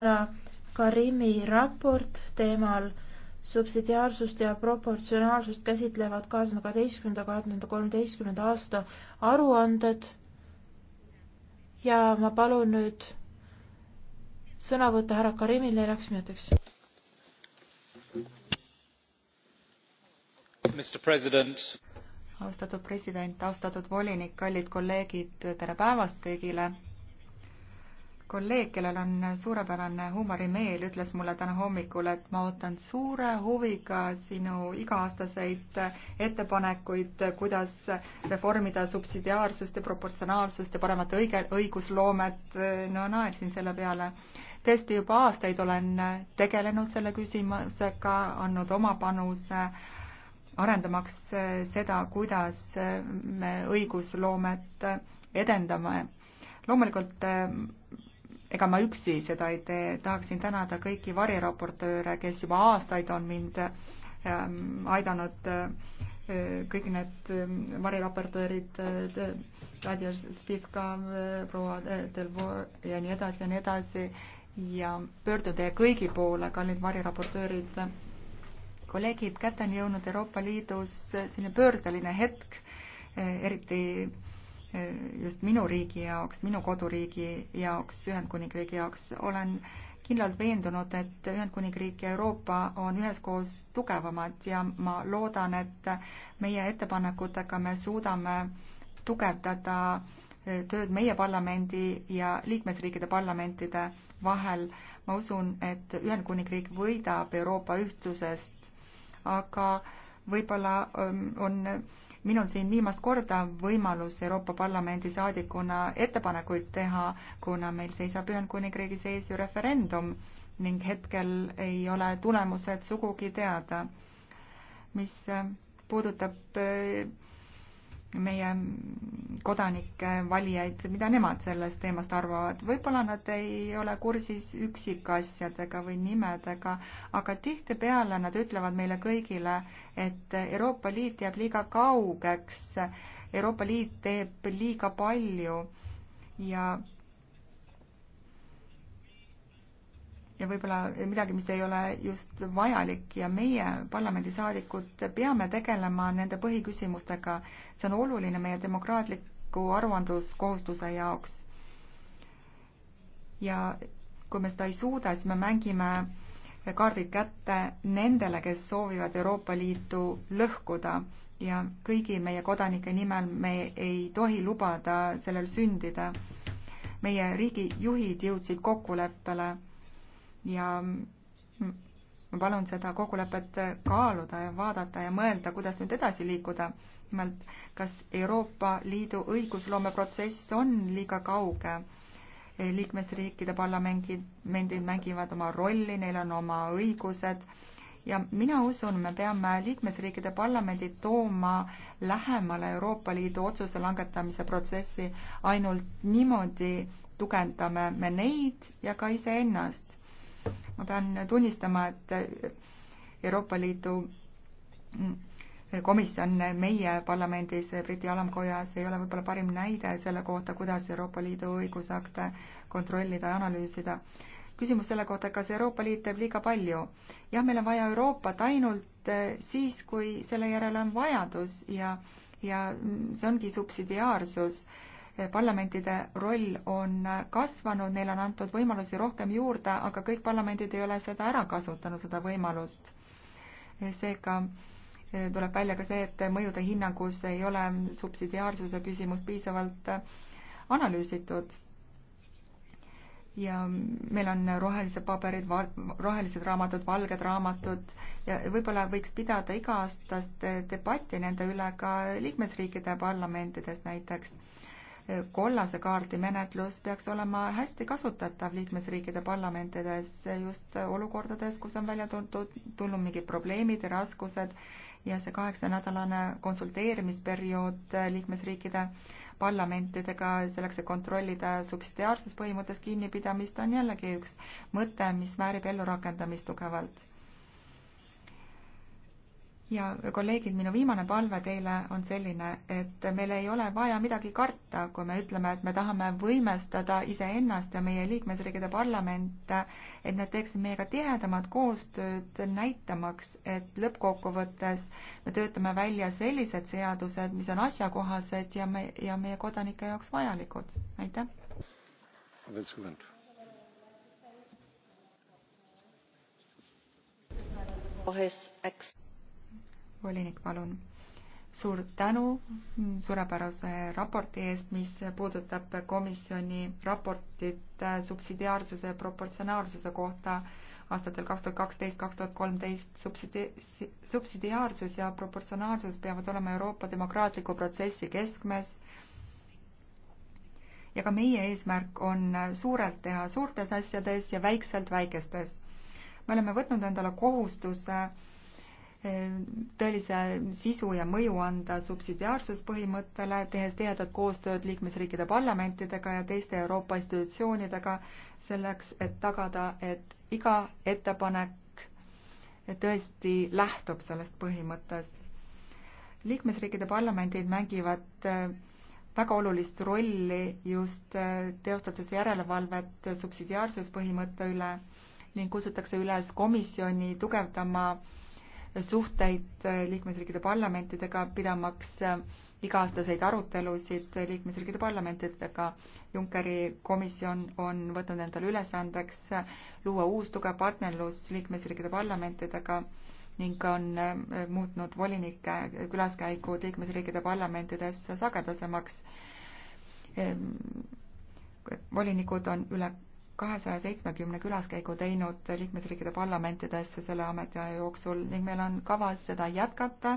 härra Karimi raport teemal subsidiaarsust ja proportsionaalsust käsitlevad kahe tuhande kaheteistkümnenda, kahe tuhande kolmeteistkümnenda aasta aruanded. ja ma palun nüüd sõna võtta härra Karimil neljaks minutiks. austatud president, austatud volinik, kallid kolleegid, tere päevast kõigile kolleeg, kellel on suurepärane huumorimeel, ütles mulle täna hommikul, et ma ootan suure huviga sinu iga-aastaseid ettepanekuid, kuidas reformida subsidiaarsust ja proportsionaalsust ja paremat õige, õigusloomet. no naersin selle peale. tõesti juba aastaid olen tegelenud selle küsimusega, andnud oma panuse arendamaks seda, kuidas me õigusloomet edendame. loomulikult ega ma üksi seda ei tee, tahaksin tänada kõiki variraportööre, kes juba aastaid on mind ähm, aidanud äh, kõik need ähm, variraportöörid, Radia äh, Spivka, äh, proua Delvo ja nii edasi ja nii edasi ja pöördun teie kõigi poole, kallid variraportöörid, kolleegid, kätte on jõudnud Euroopa Liidus selline pöördeline hetk, eriti just minu riigi jaoks, minu koduriigi jaoks, Ühendkuningriigi jaoks, olen kindlalt veendunud, et Ühendkuningriik ja Euroopa on üheskoos tugevamad ja ma loodan, et meie ettepanekutega me suudame tugevdada e, tööd meie parlamendi ja liikmesriikide parlamentide vahel. ma usun, et Ühendkuningriik võidab Euroopa ühtsusest, aga võib-olla e, on minul siin viimast korda võimalus Euroopa Parlamendi saadikuna ettepanekuid teha, kuna meil seisab Ühendkuningriigis ees ju referendum ning hetkel ei ole tulemused sugugi teada. mis puudutab äh, meie kodanikke, valijaid, mida nemad sellest teemast arvavad. võib-olla nad ei ole kursis üksikasjadega või nimedega, aga tihtipeale nad ütlevad meile kõigile, et Euroopa Liit jääb liiga kaugeks, Euroopa Liit teeb liiga palju ja ja võib-olla midagi, mis ei ole just vajalik ja meie parlamendisaadikud peame tegelema nende põhiküsimustega. see on oluline meie demokraatliku aruandluskohustuse jaoks. ja kui me seda ei suuda, siis me mängime kaardid kätte nendele, kes soovivad Euroopa Liitu lõhkuda ja kõigi meie kodanike nimel me ei tohi lubada sellel sündida. meie riigijuhid jõudsid kokkuleppele ja ma palun seda kokkulepet kaaluda ja vaadata ja mõelda, kuidas nüüd edasi liikuda. nimelt, kas Euroopa Liidu õigusloomeprotsess on liiga kauge? liikmesriikide parlamendid mängivad oma rolli, neil on oma õigused ja mina usun, me peame liikmesriikide parlamendid tooma lähemale Euroopa Liidu otsuse langetamise protsessi, ainult niimoodi tugevdame me neid ja ka iseennast ma pean tunnistama, et Euroopa Liidu komisjon meie parlamendis, Briti alamkojas, ei ole võib-olla parim näide selle kohta, kuidas Euroopa Liidu õigusakte kontrollida ja analüüsida. küsimus selle kohta, kas Euroopa Liit teeb liiga palju. jah, meil on vaja Euroopat ainult siis, kui selle järele on vajadus ja, ja see ongi subsidiaarsus äh, parlamentide roll on kasvanud, neile on antud võimalusi rohkem juurde, aga kõik parlamendid ei ole seda ära kasutanud, seda võimalust. seega eh, tuleb välja ka see, et mõjude hinnangus ei ole subsidiaarsuse küsimust piisavalt eh, analüüsitud. ja meil on rohelised paberid, rohelised raamatud, valged raamatud ja võib-olla võiks pidada iga-aastast eh, debatti nende üle ka liikmesriikide parlamentides näiteks kollase kaardi menetlus peaks olema hästi kasutatav liikmesriikide parlamentides just olukordades, kus on välja tulnud, tulnud mingid probleemid ja raskused ja see kaheksanädalane konsulteerimisperiood liikmesriikide parlamentidega selleks, et kontrollida subsidiaarsuspõhimõttest kinnipidamist, on jällegi üks mõte, mis väärib ellurakendamist tugevalt ja kolleegid, minu viimane palve teile on selline, et meil ei ole vaja midagi karta, kui me ütleme, et me tahame võimestada iseennast ja meie liikmesriikide parlamente, et nad teeksid meiega tihedamat koostööd, näitamaks, et lõppkokkuvõttes me töötame välja sellised seadused, mis on asjakohased ja me, ja meie kodanike jaoks vajalikud. aitäh! Ex volinik, palun. suur tänu suurepärase raporti eest, mis puudutab komisjoni raportit subsidiaarsuse ja proportsionaalsuse kohta aastatel kaks tuhat kaksteist, kaks tuhat kolmteist. subsidi-, subsidiaarsus ja proportsionaalsus peavad olema Euroopa demokraatliku protsessi keskmes ja ka meie eesmärk on suurelt teha suurtes asjades ja väikselt väikestes. me oleme võtnud endale kohustuse tõelise sisu ja mõju anda subsidiaarsuspõhimõttele, tehes tihedat koostööd liikmesriikide parlamentidega ja teiste Euroopa institutsioonidega selleks, et tagada, et iga ettepanek tõesti lähtub sellest põhimõttest. liikmesriikide parlamendid mängivad äh, väga olulist rolli just äh, teostades järelevalvet subsidiaarsuspõhimõtte üle ning kutsutakse üles komisjoni tugevdama äh, suhteid äh, liikmesriikide parlamentidega, pidamaks äh, iga-aastaseid arutelusid äh, liikmesriikide parlamentidega. Junckeri komisjon on võtnud endale ülesandeks luua uus tugev partnerlus liikmesriikide parlamentidega ning on muutnud volinike külaskäigud liikmesriikide parlamentides sagedasemaks. Ehm, volinikud on üle kahesaja seitsmekümne külaskäigu teinud liikmesriikide parlamentidesse selle ametiaja jooksul ning meil on kavas seda jätkata,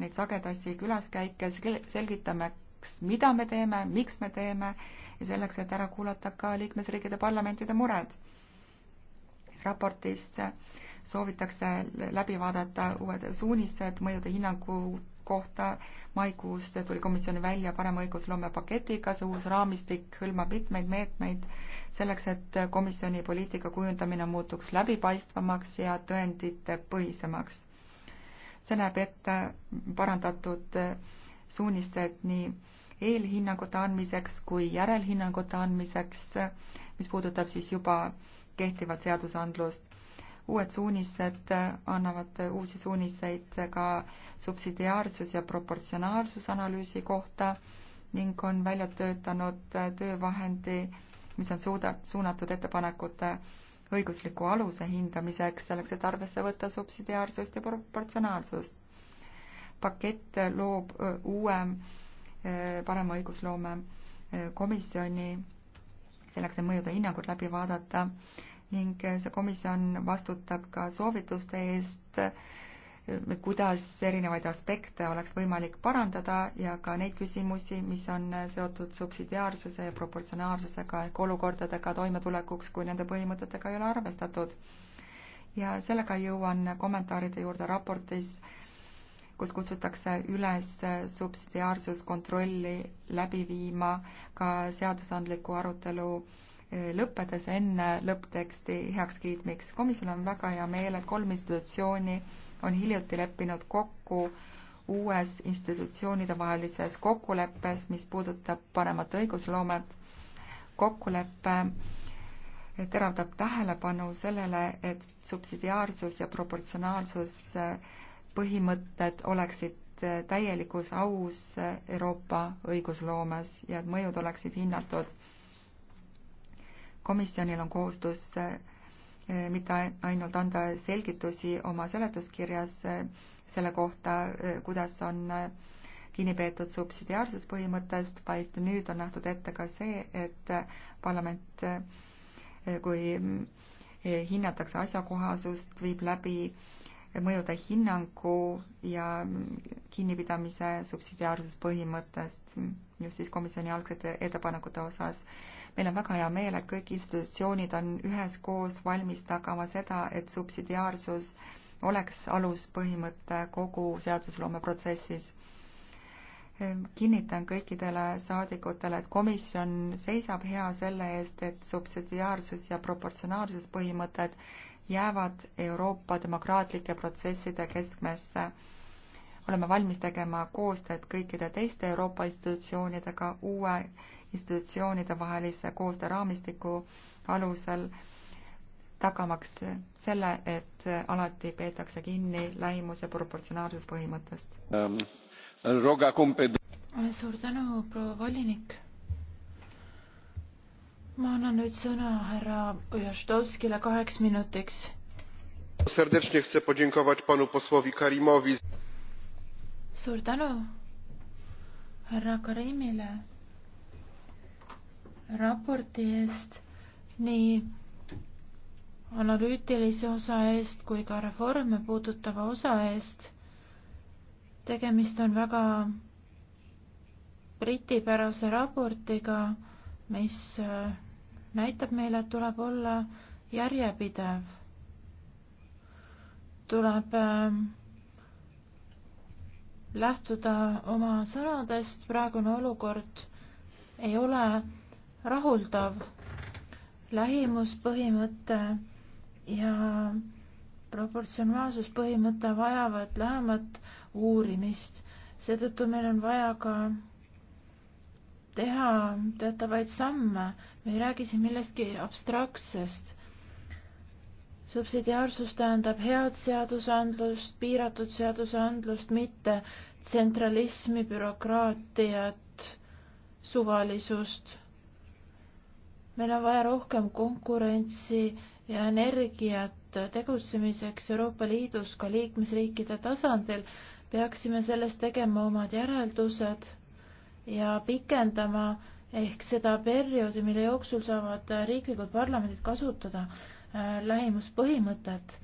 neid sagedasi külaskäike, selgitamaks, mida me teeme, miks me teeme ja selleks, et ära kuulata ka liikmesriikide parlamentide mured. raportis soovitakse läbi vaadata uued suunised, mõjude hinnangud, kohta. maikuus tuli komisjon välja parema õigusloome paketiga, see uus raamistik hõlmab mitmeid meetmeid selleks, et komisjoni poliitika kujundamine muutuks läbipaistvamaks ja tõenditepõhisemaks. see näeb ette parandatud suunised nii eelhinnangute andmiseks kui järelhinnangute andmiseks, mis puudutab siis juba kehtivat seadusandlust uued suunised annavad uusi suuniseid ka subsidiaarsus- ja proportsionaalsusanalüüsi kohta ning on välja töötanud töövahendi, mis on suuda, suunatud ettepanekute õigusliku aluse hindamiseks, selleks et arvesse võtta subsidiaarsust ja proportsionaalsust. pakett loob uue parema õigusloome komisjoni selleks, et mõjude hinnangud läbi vaadata ning see komisjon vastutab ka soovituste eest, kuidas erinevaid aspekte oleks võimalik parandada ja ka neid küsimusi, mis on seotud subsidiaarsuse ja proportsionaalsusega ehk olukordadega toimetulekuks, kui nende põhimõtetega ei ole arvestatud. ja sellega jõuan kommentaaride juurde raportis, kus kutsutakse üles subsidiaarsuskontrolli läbi viima ka seadusandliku arutelu äh, lõppedes enne lõppteksti heakskiitmiks. komisjonil on väga hea meel, et kolm institutsiooni on hiljuti leppinud kokku uues institutsioonide vahelises kokkuleppes, mis puudutab paremat õigusloomet. kokkulepe teravdab tähelepanu sellele, et subsidiaarsus ja proportsionaalsus põhimõtted oleksid täielikus aus Euroopa õigusloomes ja et mõjud oleksid hinnatud komisjonil on kohustus eh, mitte ainult anda selgitusi oma seletuskirjas eh, selle kohta, eh, kuidas on kinni peetud subsidiaarsuspõhimõttest, vaid nüüd on nähtud ette ka see, et parlament, kui mm, hinnatakse asjakohasust, viib läbi mõjude hinnangu ja mm, kinnipidamise subsidiaarsuspõhimõttest mm, just siis komisjoni algsete ettepanekute osas meil on väga hea meel, et kõik institutsioonid on üheskoos valmis tagama seda, et subsidiaarsus oleks aluspõhimõte kogu seadusloome protsessis. kinnitan kõikidele saadikutele, et komisjon seisab hea selle eest, et subsidiaarsus ja proportsionaalsuspõhimõtted jäävad Euroopa demokraatlike protsesside keskmesse oleme valmis tegema koostööd kõikide teiste Euroopa institutsioonidega uue institutsioonide vahelise koostööraamistiku alusel, tagamaks selle, et alati peetakse kinni lähimuse proportsionaalsuspõhimõttest ähm,. suur tänu, proua volinik. ma annan nüüd sõna härra Ojaštovskile kaheks minutiks. serdecznie chcę podziękować panu posłowi Karimowi. suur tänu härra Karimile raporti eest, nii analüütilise osa eest kui ka reforme puudutava osa eest. tegemist on väga britipärase raportiga, mis äh, näitab meile, et tuleb olla järjepidev. tuleb äh, lähtuda oma sõnadest, praegune olukord ei ole rahuldav. lähimuspõhimõte ja proportsionaalsuspõhimõte vajavad lähemat uurimist, seetõttu meil on vaja ka teha teatavaid samme, me ei räägi siin millestki abstraktsest. subsidiaarsus tähendab head seadusandlust, piiratud seadusandlust, mitte tsentralismi, bürokraatiat, suvalisust meil on vaja rohkem konkurentsi ja energiat tegutsemiseks Euroopa Liidus ka liikmesriikide tasandil, peaksime sellest tegema omad järeldused ja pikendama ehk seda perioodi, mille jooksul saavad riiklikud parlamendid kasutada äh, lähimuspõhimõtet.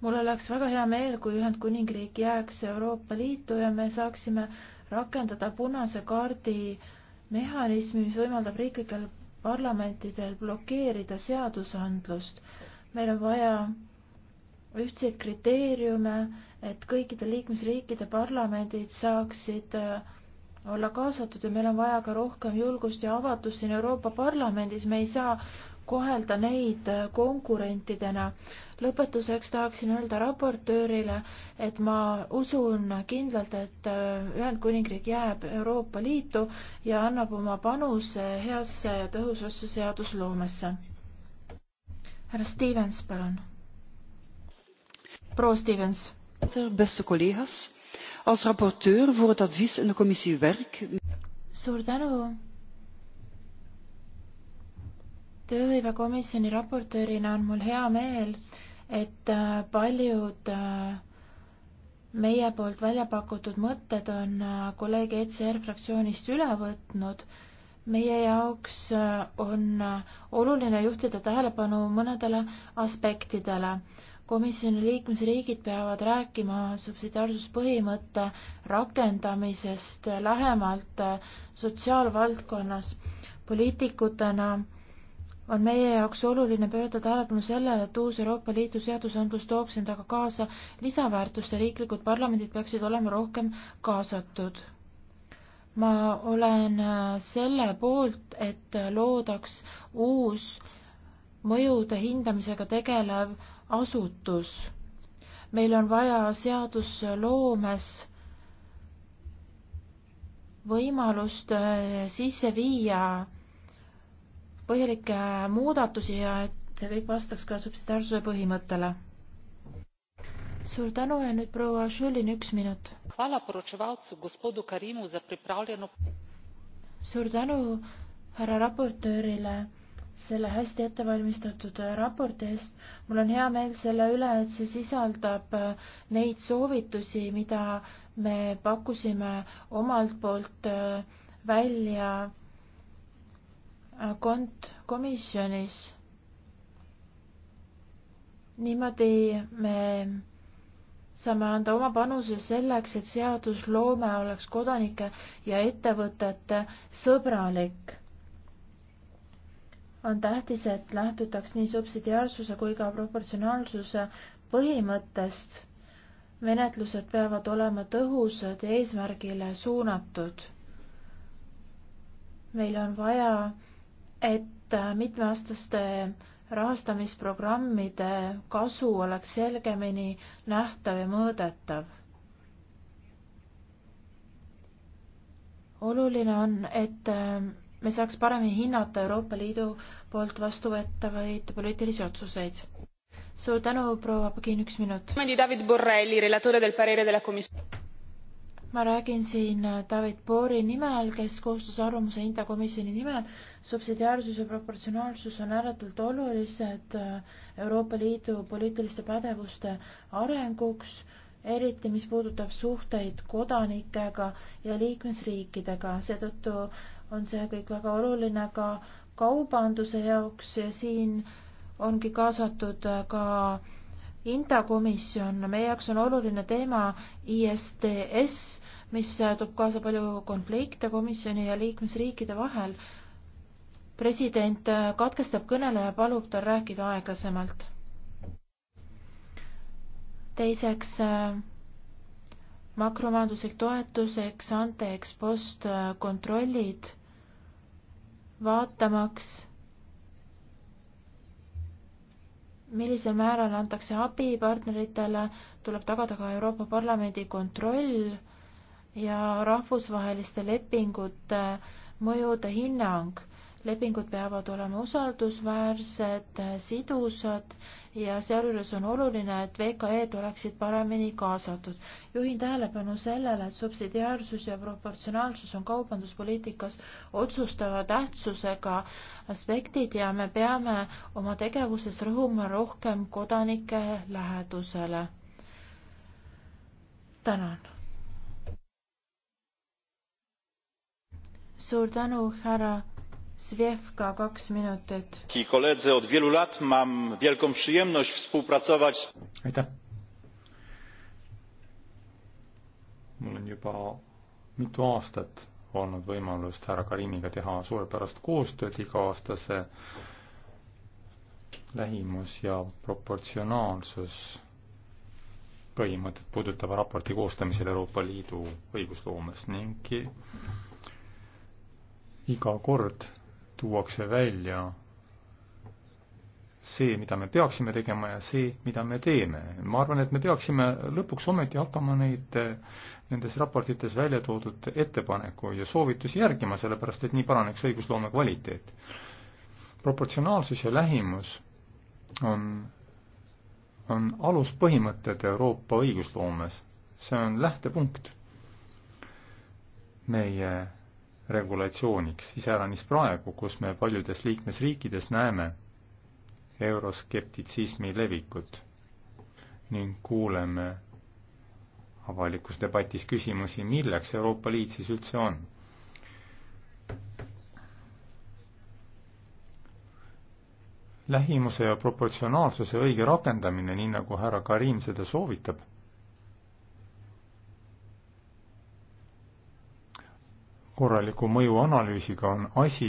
mul oleks väga hea meel, kui Ühendkuningriik jääks Euroopa Liitu ja me saaksime rakendada punase kaardi mehhanismi, mis võimaldab riiklikel parlamentidel blokeerida seadusandlust. meil on vaja ühtseid kriteeriume, et kõikide liikmesriikide parlamendid saaksid äh, olla kaasatud ja meil on vaja ka rohkem julgust ja avatust siin Euroopa Parlamendis, me ei saa kohelda neid konkurentidena. lõpetuseks tahaksin öelda raportöörile, et ma usun kindlalt, et äh, Ühendkuningriik jääb Euroopa Liitu ja annab oma panuse heasse ja tõhusasse seadusloomesse. härra Stevens, palun. proua Stevens. Beste kollegas, als raportöör voor het advies in de commissie werk. suur tänu tööhõivekomisjoni raportöörina on mul hea meel, et äh, paljud äh, meie poolt välja pakutud mõtted on äh, kolleeg ECR fraktsioonist üle võtnud. meie jaoks on oluline juhtida tähelepanu mõnedele aspektidele. komisjoni liikmesriigid peavad rääkima subsidiaarsuspõhimõtte rakendamisest lähemalt sotsiaalvaldkonnas. poliitikutena on meie jaoks oluline pöörata tähelepanu sellele, et uus Euroopa Liidu seadusandlus tooks endaga kaasa lisaväärtust ja riiklikud parlamendid peaksid olema rohkem kaasatud. ma olen äh, selle poolt, et äh, loodaks uus mõjude hindamisega tegelev asutus. meil on vaja seadusloomes võimalust äh, sisse viia põhjalikke äh, muudatusi ja et see kõik vastaks ka subsidiaarsuse põhimõttele. suur tänu ja nüüd proua Šulin, üks minut. suur tänu härra raportöörile selle hästi ettevalmistatud äh, raporti eest. mul on hea meel selle üle, et see sisaldab äh, neid soovitusi, mida me pakkusime omalt poolt välja kont komisjonis. niimoodi me saame anda oma panuse selleks, et seadusloome oleks kodanike ja ettevõtete sõbralik. on tähtis, et lähtutaks nii subsidiaarsuse kui ka proportsionaalsuse põhimõttest. menetlused peavad olema tõhusad ja eesmärgile suunatud. meil on vaja et äh, mitmeaastaste rahastamisprogrammide kasu oleks selgemini nähtav ja mõõdetav. oluline on, et äh, me saaks paremini hinnata Euroopa Liidu poolt vastuvõetavaid poliitilisi otsuseid. suur tänu, proua Pagin, üks minut ma räägin siin äh, David Boori nimel, kes koostas arvamuse Inta komisjoni nimel. subsidiaarsus ja proportsionaalsus on ääretult olulised äh, Euroopa Liidu poliitiliste pädevuste arenguks, eriti mis puudutab suhteid kodanikega ja liikmesriikidega, seetõttu on see kõik väga oluline ka kaubanduse jaoks ja siin ongi kaasatud äh, ka äh, Inta komisjon, meie jaoks on oluline teema ISDS, mis toob kaasa palju konflikte komisjoni ja liikmesriikide vahel. president katkestab kõneleja, palub tal rääkida aeglasemalt. teiseks, makromajanduslik toetuseks, ante-ekspost kontrollid, vaatamaks millisel määral antakse abi partneritele, tuleb tagada ka Euroopa Parlamendi kontroll ja rahvusvaheliste lepingute mõjude hinnang lepingud peavad olema usaldusväärsed, sidusad ja sealjuures on oluline, et VKE-d oleksid paremini kaasatud. juhin tähelepanu sellele, et subsidiaarsus ja proportsionaalsus on kaubanduspoliitikas otsustava tähtsusega aspektid ja me peame oma tegevuses rõhuma rohkem kodanike lähedusele. tänan suur tänu, härra Zwiewka, kaks minutit. koledzy, od wielu lat mam wielką przyjemność współpracować. aitäh. mul on juba mitu aastat olnud võimalust härra Karimiga teha suurepärast koostööd iga-aastase lähimus ja proportsionaalsus põhimõtet puudutava raporti koostamisel Euroopa Liidu õigusloomes ning iga kord tuuakse välja see, mida me peaksime tegema ja see, mida me teeme. ma arvan, et me peaksime lõpuks ometi hakkama neid eh, nendes raportites välja toodud ettepanekuid ja soovitusi järgima, sellepärast et nii paraneks õigusloome kvaliteet. proportsionaalsus ja lähimus on, on aluspõhimõtted Euroopa õigusloomes. see on lähtepunkt meie regulatsiooniks, iseäranis praegu, kus me paljudes liikmesriikides näeme euroskeptitsismi levikut ning kuuleme avalikus debatis küsimusi, milleks Euroopa Liit siis üldse on. lähimuse ja proportsionaalsuse õige rakendamine, nii nagu härra Karim seda soovitab korraliku mõjuanalüüsiga on asi,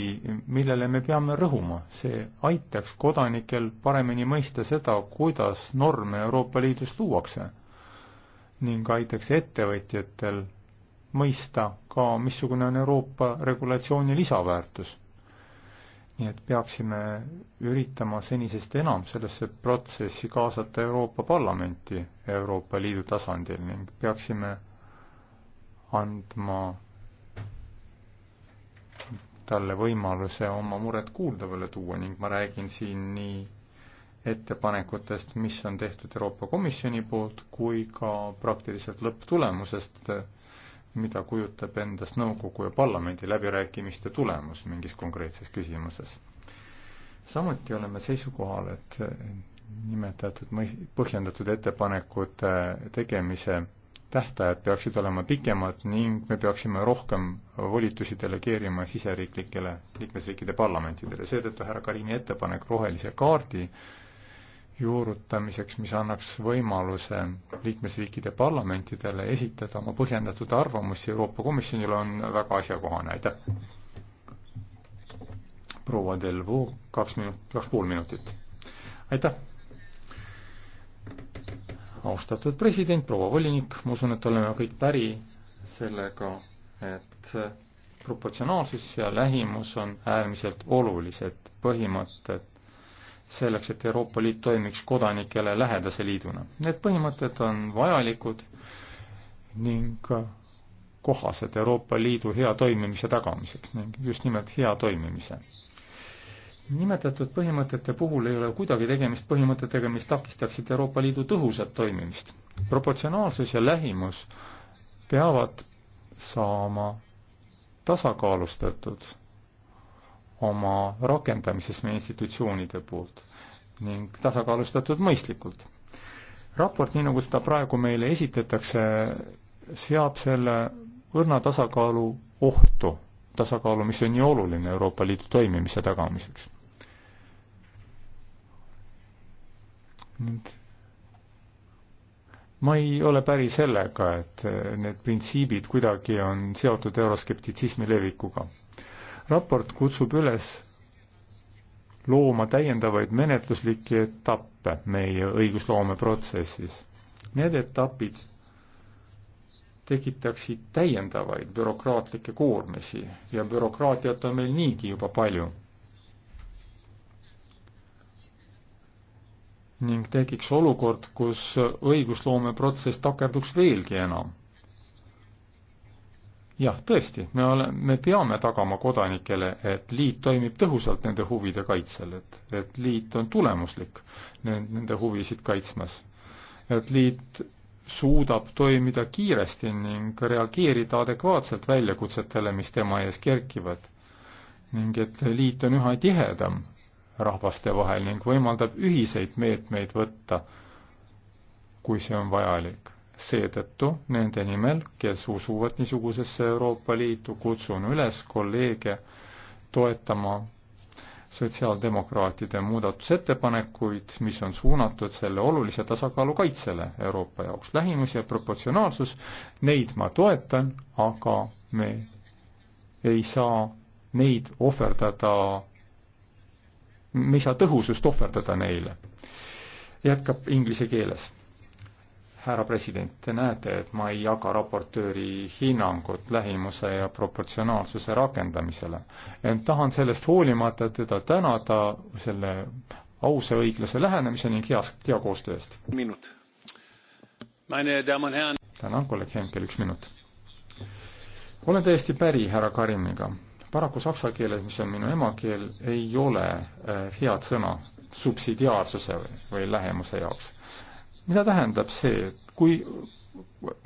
millele me peame rõhuma. see aitaks kodanikel paremini mõista seda, kuidas norme Euroopa Liidus luuakse ning aitaks ettevõtjatel mõista ka, missugune on Euroopa regulatsiooni lisaväärtus. nii et peaksime üritama senisest enam sellesse protsessi kaasata Euroopa Parlamenti Euroopa Liidu tasandil ning peaksime andma talle võimaluse oma muret kuuldavale tuua ning ma räägin siin nii ettepanekutest, mis on tehtud Euroopa Komisjoni poolt, kui ka praktiliselt lõpptulemusest, mida kujutab endast nõukogu ja parlamendi läbirääkimiste tulemus mingis konkreetses küsimuses. samuti oleme seisukohal, et nimetatud mõi-, põhjendatud ettepanekute tegemise tähtajad peaksid olema pikemad ning me peaksime rohkem volitusi delegeerima siseriiklikele liikmesriikide parlamentidele. seetõttu härra Karini ettepanek rohelise kaardi juurutamiseks, mis annaks võimaluse liikmesriikide parlamentidele esitada oma põhjendatud arvamusi Euroopa Komisjonile, on väga asjakohane, aitäh! proua Delvo, kaks minut, kaks pool minutit. aitäh! austatud president, proua volinik, ma usun, et oleme kõik päri sellega, et proportsionaalsus ja lähimus on äärmiselt olulised põhimõtted selleks, et Euroopa Liit toimiks kodanikele lähedase liiduna. Need põhimõtted on vajalikud ning kohased Euroopa Liidu hea toimimise tagamiseks ning just nimelt hea toimimise nimetatud põhimõtete puhul ei ole kuidagi tegemist põhimõtetega, mis takistaksid Euroopa Liidu tõhusat toimimist. proportsionaalsus ja lähimus peavad saama tasakaalustatud oma rakendamises meie institutsioonide poolt ning tasakaalustatud mõistlikult. raport, nii nagu seda praegu meile esitatakse, seab selle õrna tasakaalu ohtu, tasakaalu, mis on nii oluline Euroopa Liidu toimimise tagamiseks nüüd ma ei ole päri sellega, et eh, need printsiibid kuidagi on seotud euroskeptitsismi levikuga. raport kutsub üles looma täiendavaid menetluslikke etappe meie õigusloome protsessis. Need etapid tekitaksid täiendavaid bürokraatlikke koormisi ja bürokraatiat on meil niigi juba palju ning tekiks olukord, kus õigusloomeprotsess takerduks veelgi enam. jah, tõesti, me oleme, me peame tagama kodanikele, et liit toimib tõhusalt nende huvide kaitsel, et, et liit on tulemuslik nende huvisid kaitsmas. et liit suudab toimida kiiresti ning reageerida adekvaatselt väljakutsetele, mis tema ees kerkivad. ning et liit on üha tihedam rahvaste vahel ning võimaldab ühiseid meetmeid võtta, kui see on vajalik. seetõttu nende nimel, kes usuvad niisugusesse Euroopa Liitu, kutsun üles kolleege toetama sotsiaaldemokraatide muudatusettepanekuid, mis on suunatud selle olulise tasakaalu kaitsele Euroopa jaoks. lähimus ja proportsionaalsus, neid ma toetan, aga me ei saa neid ohverdada me ei saa tõhusust ohverdada neile. jätkab inglise keeles. härra president, te näete, et ma ei jaga raportööri hinnangut lähimuse ja proportsionaalsuse rakendamisele. ent tahan sellest hoolimata teda tänada selle ausa õiglase lähenemise ning heas, hea koostöö eest. minut. tänan, kolleeg Henkel, üks minut olen täiesti päri härra Karimiga, paraku saksa keeles, mis on minu emakeel, ei ole äh, head sõna subsidiaarsuse või lähemuse jaoks. mida tähendab see, et kui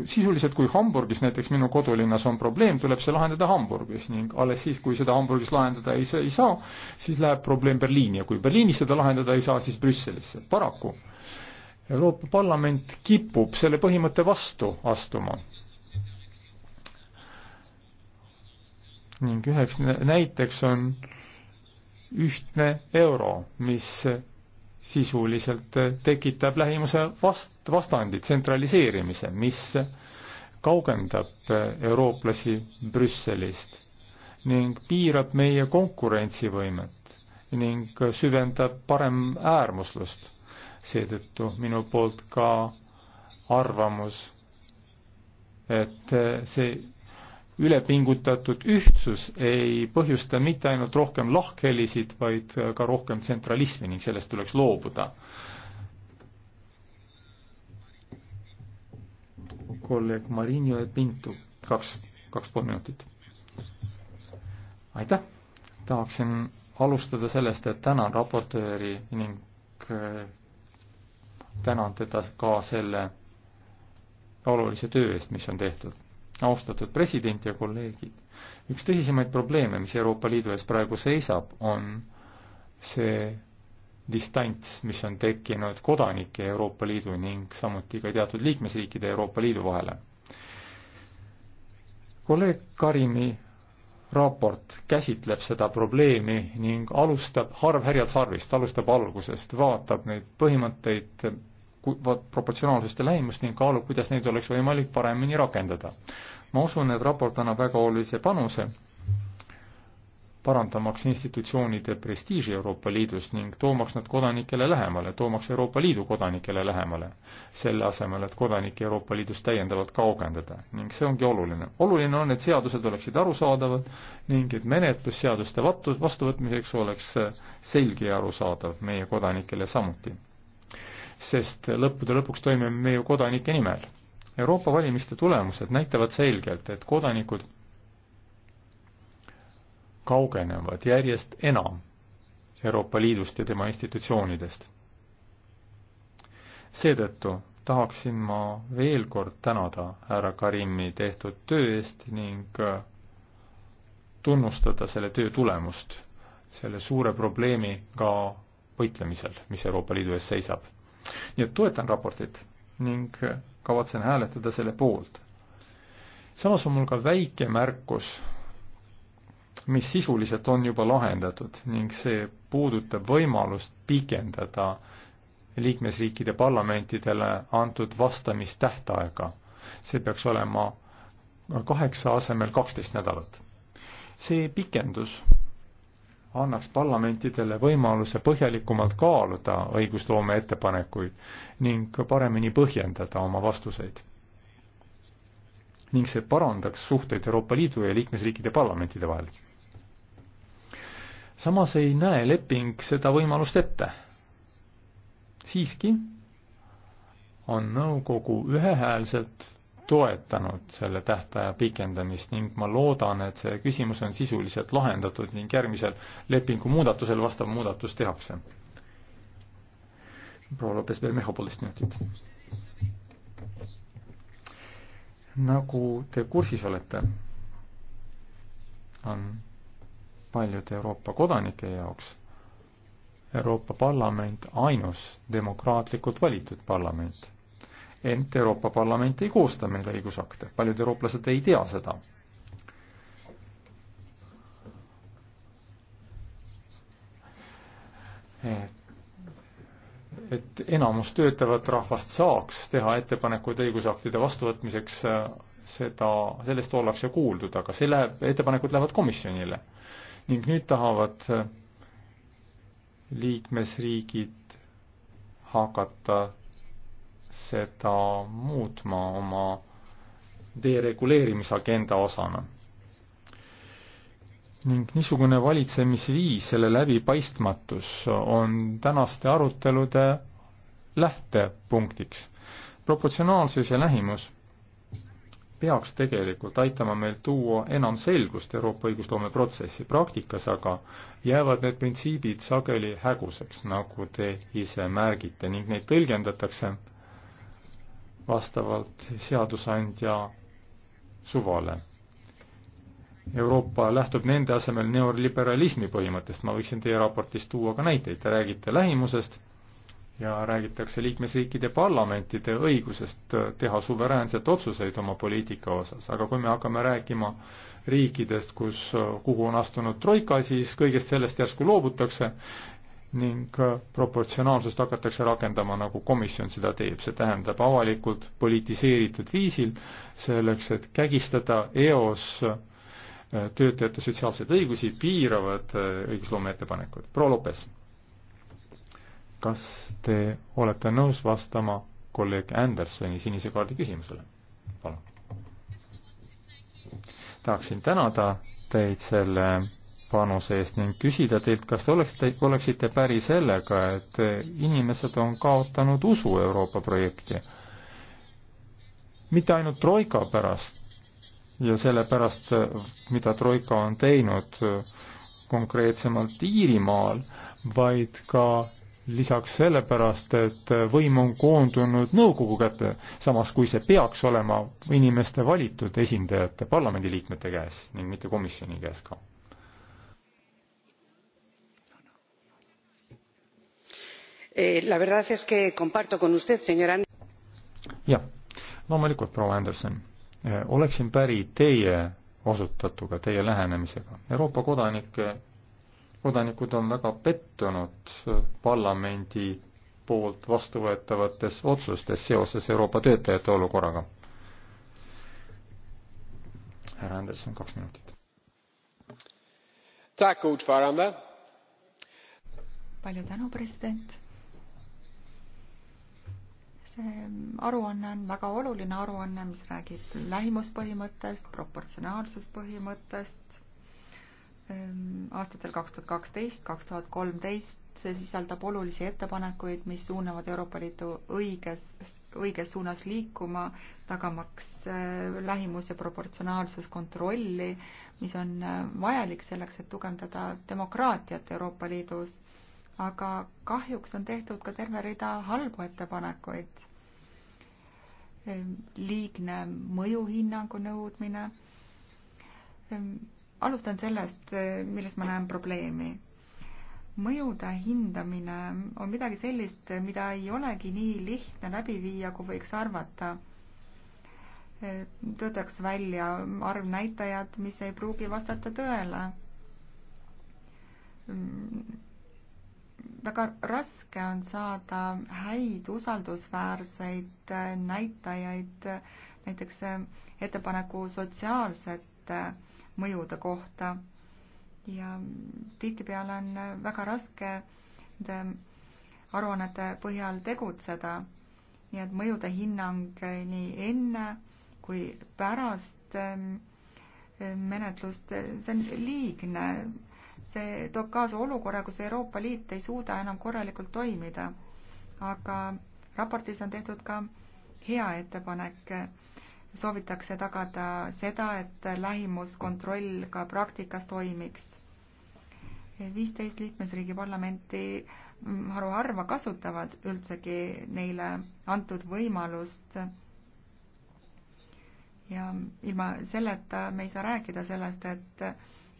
sisuliselt, kui Hamburgis näiteks minu kodulinnas on probleem, tuleb see lahendada Hamburgis ning alles siis, kui seda Hamburgis lahendada ei, ei saa, siis läheb probleem Berliini ja kui Berliinis seda lahendada ei saa, siis Brüsselisse, paraku Euroopa Parlament kipub selle põhimõtte vastu astuma ning üheks näiteks on ühtne euro, mis sisuliselt tekitab lähimuse vast-, vastandi tsentraliseerimise, mis kaugendab eurooplasi Brüsselist ning piirab meie konkurentsivõimet ning süvendab parem äärmuslust. seetõttu minu poolt ka arvamus, et see ülepingutatud ühtsus ei põhjusta mitte ainult rohkem lahkhelisid, vaid ka rohkem tsentralismi ning sellest tuleks loobuda. kolleeg Marinho Pintu, kaks, kaks pool minutit. aitäh, tahaksin alustada sellest, et tänan raportööri ning äh, tänan teda ka selle olulise töö eest, mis on tehtud austatud president ja kolleegid, üks tõsisemaid probleeme, mis Euroopa Liidu ees praegu seisab, on see distants, mis on tekkinud kodanike Euroopa Liidu ning samuti ka teatud liikmesriikide Euroopa Liidu vahele. kolleeg Karimi raport käsitleb seda probleemi ning alustab harv härjal sarvist, alustab algusest, vaatab neid põhimõtteid proportsionaalsust ja lähimust ning kaalub, kuidas neid oleks võimalik paremini rakendada. ma usun, et raport annab väga olulise panuse parandamaks institutsioonide prestiiži Euroopa Liidus ning toomaks nad kodanikele lähemale, toomaks Euroopa Liidu kodanikele lähemale, selle asemel, et kodanikke Euroopa Liidust täiendavalt kaugendada. ning see ongi oluline. oluline on, et seadused oleksid arusaadavad ning et menetlus seaduste vastu, vastuvõtmiseks oleks selge ja arusaadav meie kodanikele samuti sest lõppude lõpuks toimime me ju kodanike nimel. Euroopa valimiste tulemused näitavad selgelt, et kodanikud kaugenevad järjest enam Euroopa Liidust ja tema institutsioonidest. seetõttu tahaksin ma veel kord tänada härra Karimi tehtud töö eest ning äh, tunnustada selle töö tulemust selle suure probleemiga võitlemisel, mis Euroopa Liidu ees seisab nii et toetan raportit ning kavatsen hääletada selle poolt. samas on mul ka väike märkus, mis sisuliselt on juba lahendatud ning see puudutab võimalust pikendada liikmesriikide parlamentidele antud vastamistähtaega. see peaks olema kaheksa asemel kaksteist nädalat. see pikendus annaks parlamentidele võimaluse põhjalikumalt kaaluda õigusloome ettepanekuid ning paremini põhjendada oma vastuseid. ning see parandaks suhteid Euroopa Liidu ja liikmesriikide parlamentide vahel. samas ei näe leping seda võimalust ette. siiski on nõukogu ühehäälselt toetanud selle tähtaja pikendamist ning ma loodan, et see küsimus on sisuliselt lahendatud ning järgmisel lepingu muudatusel vastav muudatus tehakse. proua Lopes Bermejo, poolteist minutit. nagu te kursis olete, on paljude Euroopa kodanike jaoks Euroopa Parlament ainus demokraatlikult valitud parlament ent Euroopa Parlament ei koosta meile õigusakte, paljud eurooplased ei tea seda. et et enamus töötavat rahvast saaks teha ettepanekuid õigusaktide vastuvõtmiseks, seda, sellest ollakse kuuldud, aga see läheb, ettepanekud lähevad komisjonile. ning nüüd tahavad liikmesriigid hakata seda muutma oma dereguleerimisagenda osana. ning niisugune valitsemisviis, selle läbipaistmatus on tänaste arutelude lähtepunktiks. proportsionaalsus ja lähimus peaks tegelikult aitama meil tuua enam selgust Euroopa õigusloome protsessi. praktikas aga jäävad need printsiibid sageli häguseks, nagu te ise märgite, ning neid tõlgendatakse vastavalt seadusandja suvale. Euroopa lähtub nende asemel neoliberalismi põhimõttest, ma võiksin teie raportis tuua ka näiteid, te räägite lähimusest ja räägitakse liikmesriikide parlamentide õigusest teha suveräänseid otsuseid oma poliitika osas, aga kui me hakkame rääkima riikidest, kus, kuhu on astunud troika, siis kõigest sellest järsku loobutakse ning proportsionaalsust hakatakse rakendama, nagu komisjon seda teeb, see tähendab avalikult politiseeritud viisil, selleks et kägistada eos äh, töötajate sotsiaalseid õigusi piiravad äh, õigusloome ettepanekud. proua Lopes, kas te olete nõus vastama kolleeg Andersoni sinise kaardi küsimusele? palun. tahaksin tänada teid selle panuse eest ning küsida teilt, kas te oleksite, oleksite päri sellega, et inimesed on kaotanud usu Euroopa projekti. mitte ainult Troika pärast ja sellepärast, mida Troika on teinud konkreetsemalt Iirimaal, vaid ka lisaks sellepärast, et võim on koondunud nõukogu kätte, samas kui see peaks olema inimeste valitud esindajate, parlamendiliikmete käes ning mitte komisjoni käes ka Eh, la verdad es que comparto con usted, señor An-. jah, loomulikult, proua Anderson, eh, oleksin päri teie osutatuga, teie lähenemisega. Euroopa kodanike, kodanikud on väga pettunud parlamendi poolt vastuvõetavates otsustes seoses Euroopa töötajate olukorraga. härra Anderson, kaks minutit. palju tänu, president see aruanne on väga oluline aruanne, mis räägib lähimuspõhimõttest, proportsionaalsuspõhimõttest. Ehm, aastatel kaks tuhat kaksteist, kaks tuhat kolmteist, see sisaldab olulisi ettepanekuid, mis suunavad Euroopa Liidu õiges, õiges suunas liikuma, tagamaks ehm, lähimus- ja proportsionaalsuskontrolli, mis on ehm, vajalik selleks, et tugevdada demokraatiat Euroopa Liidus aga kahjuks on tehtud ka terve rida halbu ettepanekuid. liigne mõjuhinnangu nõudmine. alustan sellest, milles ma näen probleemi. mõjude hindamine on midagi sellist, mida ei olegi nii lihtne läbi viia, kui võiks arvata töötatakse välja arvnäitajad, mis ei pruugi vastata tõele väga raske on saada häid usaldusväärseid näitajaid näiteks ettepaneku sotsiaalsete mõjude kohta. ja tihtipeale on väga raske nende aruannete põhjal tegutseda. nii et mõjude hinnang nii enne kui pärast ehm, menetlust, see on liigne see toob kaasa olukorra, kus Euroopa Liit ei suuda enam korralikult toimida. aga raportis on tehtud ka hea ettepanek, soovitakse tagada seda, et lähimuskontroll ka praktikas toimiks. viisteist liikmesriigi parlamenti mm, haruharva kasutavad üldsegi neile antud võimalust ja ilma selleta me ei saa rääkida sellest, et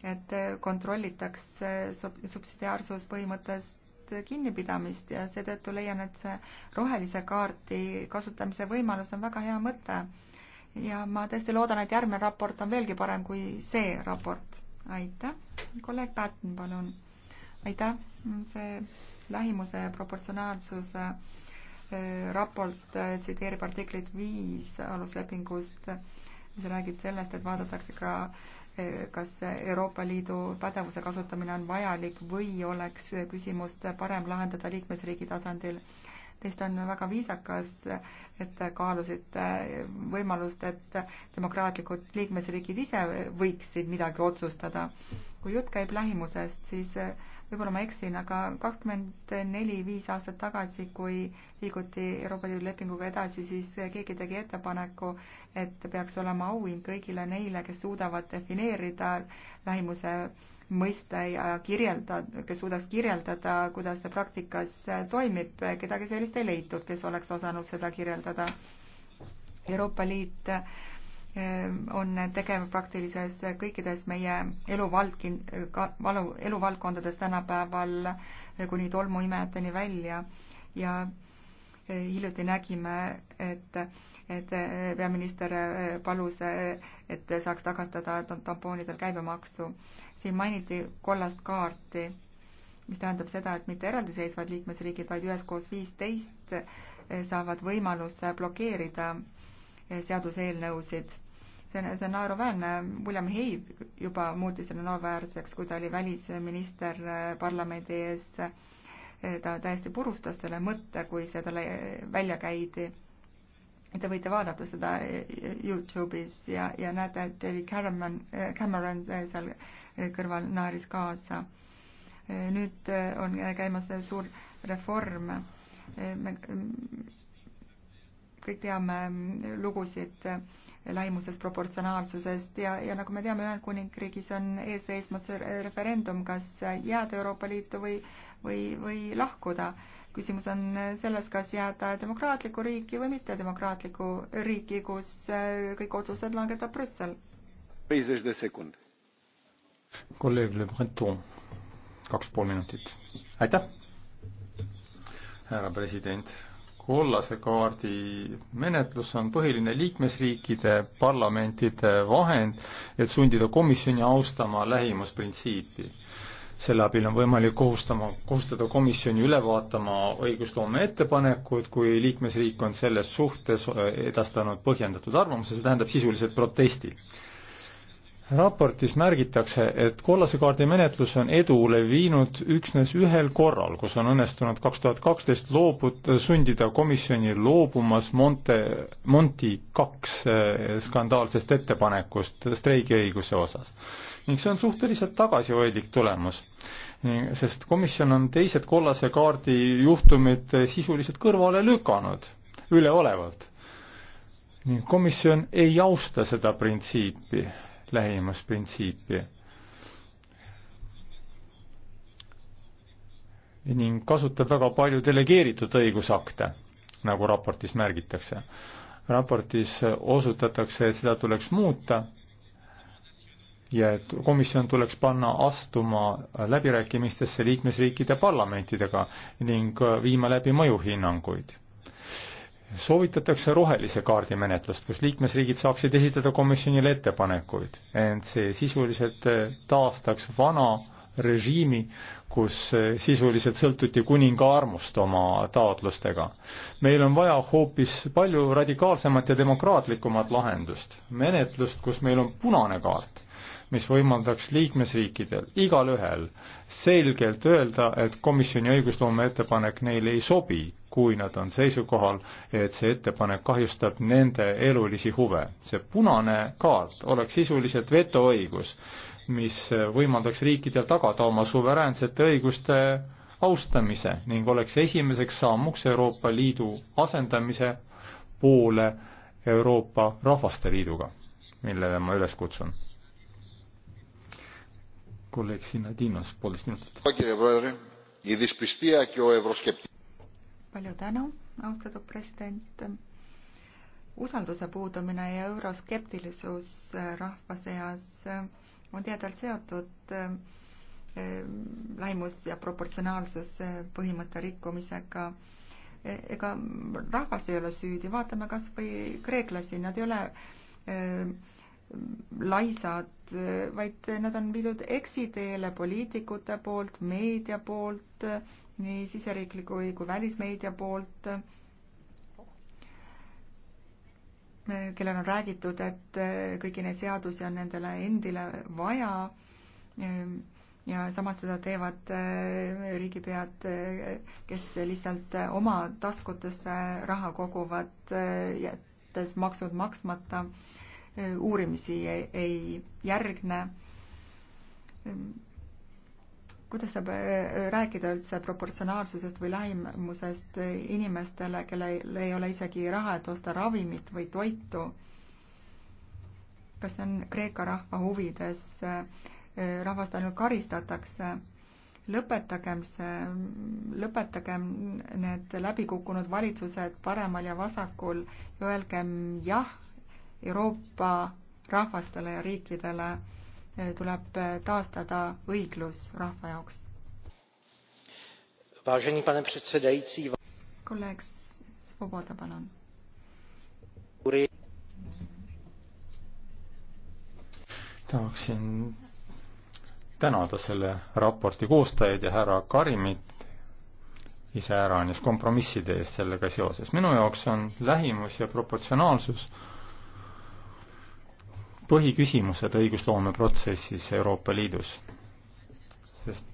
et kontrollitakse sub-, subsidiaarsuspõhimõttest kinnipidamist ja seetõttu leian, et see rohelise kaardi kasutamise võimalus on väga hea mõte. ja ma tõesti loodan, et järgmine raport on veelgi parem kui see raport. aitäh, kolleeg Pätten, palun. aitäh, see lähimuse proportsionaalsuse äh, raport äh, tsiteerib artiklit viis aluslepingust, mis räägib sellest, et vaadatakse ka äh, kas Euroopa Liidu pädevuse kasutamine on vajalik või oleks küsimust parem lahendada liikmesriigi tasandil Teist on väga viisakas, et kaalusite võimalust, et demokraatlikud liikmesriigid ise võiksid midagi otsustada. kui jutt käib lähimusest, siis võib-olla ma eksin, aga kakskümmend neli, viis aastat tagasi, kui liiguti Euroopa Liidu lepinguga edasi, siis keegi tegi ettepaneku, et peaks olema auhind kõigile neile, kes suudavad defineerida lähimuse mõista ja kirjeldada, kes suudaks kirjeldada, kuidas see praktikas äh, toimib, kedagi sellist ei leitud, kes oleks osanud seda kirjeldada. Euroopa Liit äh, on tegev praktilises kõikides meie eluvaldkin-, valu, eluvaldkondades tänapäeval äh, kuni tolmuimejateni välja ja hiljuti nägime, et et eh, peaminister eh, palus, eh, et saaks tagastada tampoonidel käibemaksu. siin mainiti kollast kaarti, mis tähendab seda, et mitte eraldiseisvad liikmesriigid, vaid üheskoos viisteist saavad võimaluse blokeerida seaduseelnõusid. see on, see on naeruväärne, William Hay juba muutis selle naeruväärseks, kui ta oli välisminister parlamendi ees. ta täiesti purustas selle mõtte, kui see talle välja käidi Te võite vaadata seda Youtube'is ja, ja näete, et David Cameron, Cameron eh, seal eh, kõrval naeris kaasa. Eh, nüüd on käimas suur reform. me mm, kõik teame mm, lugusid laimusest proportsionaalsusest ja, ja nagu me teame, Ühendkuningriigis on ees seisma see referendum, kas jääda Euroopa Liitu või, või, või lahkuda küsimus on selles, kas jääda demokraatlikku riiki või mittedemokraatlikku riiki, kus äh, kõik otsused langetab Brüssel. kolleeg Le Breton, kaks pool minutit. aitäh, härra president. kollase kaardi menetlus on põhiline liikmesriikide parlamentide vahend, et sundida komisjoni austama lähimusprintsiipi selle abil on võimalik kohustama, kohustada komisjoni üle vaatama õigusloome ettepanekud, kui liikmesriik on selles suhtes äh, edastanud põhjendatud arvamuse, see tähendab sisuliselt protesti raportis märgitakse, et kollase kaardi menetlus on edule viinud üksnes ühel korral, kus on õnnestunud kaks tuhat kaksteist loobud, sundida komisjoni loobumas Monte, Monti kaks eh, skandaalsest ettepanekust streigiõiguse osas. ning see on suhteliselt tagasihoidlik tulemus, sest komisjon on teised kollase kaardi juhtumid sisuliselt kõrvale lükanud, üleolevalt ning komisjon ei austa seda printsiipi lähimusprintsiipi. ning kasutab väga palju delegeeritud õigusakte, nagu raportis märgitakse. raportis osutatakse, et seda tuleks muuta ja et komisjon tuleks panna astuma läbirääkimistesse liikmesriikide parlamentidega ning viima läbi mõjuhinnanguid soovitatakse rohelise kaardi menetlust, kus liikmesriigid saaksid esitada komisjonile ettepanekuid, ent see sisuliselt eh, taastaks vana režiimi, kus eh, sisuliselt sõltuti kuninga armust oma taotlustega. meil on vaja hoopis palju radikaalsemat ja demokraatlikumat lahendust, menetlust, kus meil on punane kaart mis võimaldaks liikmesriikidel igalühel selgelt öelda, et komisjoni õigusloome ettepanek neile ei sobi, kui nad on seisukohal, et see ettepanek kahjustab nende elulisi huve. see punane kaart oleks sisuliselt vetoõigus, mis võimaldaks riikidel tagada oma suveräänsete õiguste austamise ning oleks esimeseks sammuks Euroopa Liidu asendamise poole Euroopa Rahvaste Liiduga, millele ma üles kutsun kolleeg Sinadinos, poolteist minutit. palju tänu, austatud president. usalduse puudumine ja euroskeptilisus äh, rahva seas äh, on teadvalt seotud lähimus- ja proportsionaalsuse äh, põhimõtte rikkumisega e-, ega rahvas ei ole süüdi, vaatame kas või kreeklasi, nad ei ole laisad, vaid nad on viidud eksiteele poliitikute poolt, meedia poolt, nii siseriikliku kui välismeedia poolt, kellel on räägitud, et kõiki neid seadusi on nendele endile vaja ja samas seda teevad eh, riigipead, eh, kes lihtsalt eh, oma taskutesse raha koguvad, jättes maksud maksmata uurimisi ei, ei järgne. kuidas saab rääkida üldse proportsionaalsusest või lähimusest inimestele, kellel ei ole isegi raha, et osta ravimit või toitu? kas see on Kreeka rahva huvides, rahvast ainult karistatakse lõpetagem see, lõpetagem need läbikukkunud valitsused paremal ja vasakul ja öelgem jah Euroopa rahvastele ja riikidele eh, tuleb eh, taastada õiglus rahva jaoks. kolleeg Svoboda, palun. tahaksin tänada selle raporti koostajaid ja härra Karimit iseäranis kompromisside eest sellega seoses. minu jaoks on lähimus ja proportsionaalsus äh, põhiküsimused õigusloomeprotsessis Euroopa Liidus. sest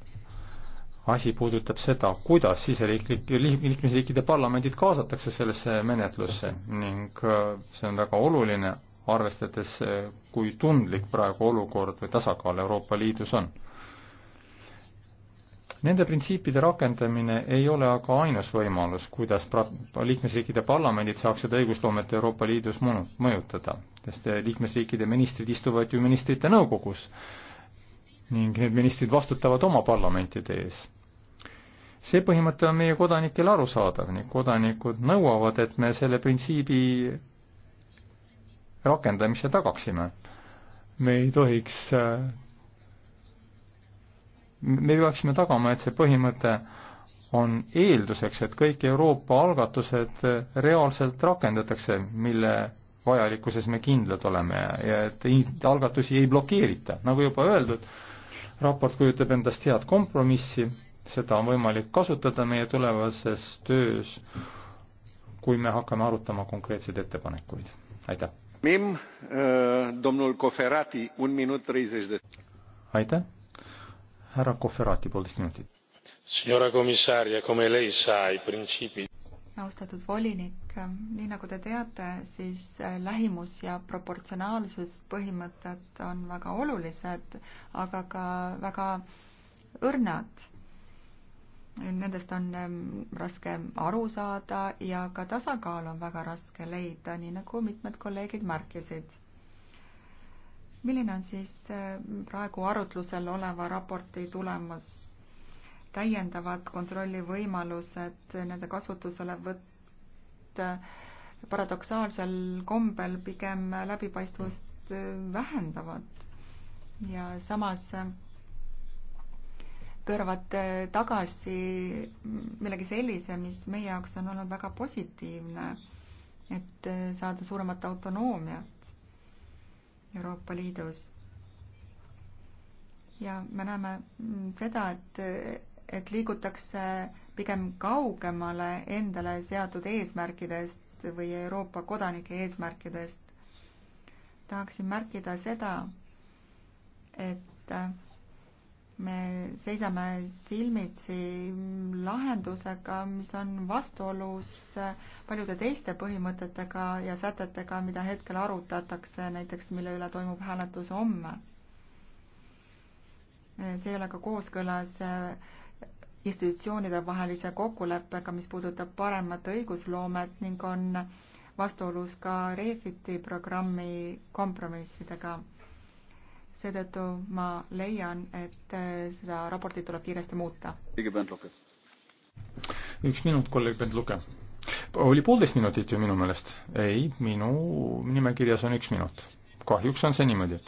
asi puudutab seda, kuidas siseriiklike, liikmesriikide parlamendid kaasatakse sellesse menetlusse ning äh, see on väga oluline, arvestades, äh, kui tundlik praegu olukord või tasakaal Euroopa Liidus on Nende printsiipide rakendamine ei ole aga ainus võimalus, kuidas pra-, liikmesriikide parlamendid saaksid õigusloomet Euroopa Liidus mõnu-, mõjutada, sest eh, liikmesriikide ministrid istuvad ju ministrite nõukogus ning need ministrid vastutavad oma parlamentide ees. see põhimõte on meie kodanikele arusaadav ning kodanikud nõuavad, et me selle printsiibi rakendamise tagaksime. me ei tohiks eh, me peaksime tagama, et see põhimõte on eelduseks, et kõik Euroopa algatused reaalselt rakendatakse, mille vajalikkuses me kindlad oleme ja, ja et algatusi ei blokeerita. nagu juba öeldud, raport kujutab endast head kompromissi, seda on võimalik kasutada meie tulevases töös, kui me hakkame arutama konkreetseid ettepanekuid. aitäh! Eh, aitäh! härra Kohverati, poolteist minutit. austatud volinik, nii nagu te teate, siis äh, lähimus ja proportsionaalsuspõhimõtted on väga olulised, aga ka väga õrnad nendest on ähm, raske aru saada ja ka tasakaal on väga raske leida, nii nagu mitmed kolleegid märkisid milline on siis äh, praegu arutlusel oleva raporti tulemus? täiendavad kontrollivõimalused, nende kasutuselevõtt paradoksaalsel kombel pigem läbipaistvust äh, vähendavad ja samas äh, pööravad tagasi millegi sellise, mis meie jaoks on olnud väga positiivne, et saada suuremat autonoomiat Euroopa Liidus. ja me näeme mm, seda, et, et liigutakse pigem kaugemale endale seatud eesmärkidest või Euroopa kodanike eesmärkidest. tahaksin märkida seda, et me seisame silmitsi lahendusega, mis on vastuolus paljude teiste põhimõtetega ja sätetega, mida hetkel arutatakse, näiteks mille üle toimub hääletus homme. see ei ole ka kooskõlas institutsioonide vahelise kokkuleppega, mis puudutab paremat õigusloomet ning on vastuolus ka Refiti programmi kompromissidega seetõttu ma leian, et eh, seda raportit tuleb kiiresti muuta. üks minut, kolleeg Bent-Luke. oli poolteist minutit ju minu meelest. ei, minu nimekirjas on üks minut. kahjuks on see niimoodi.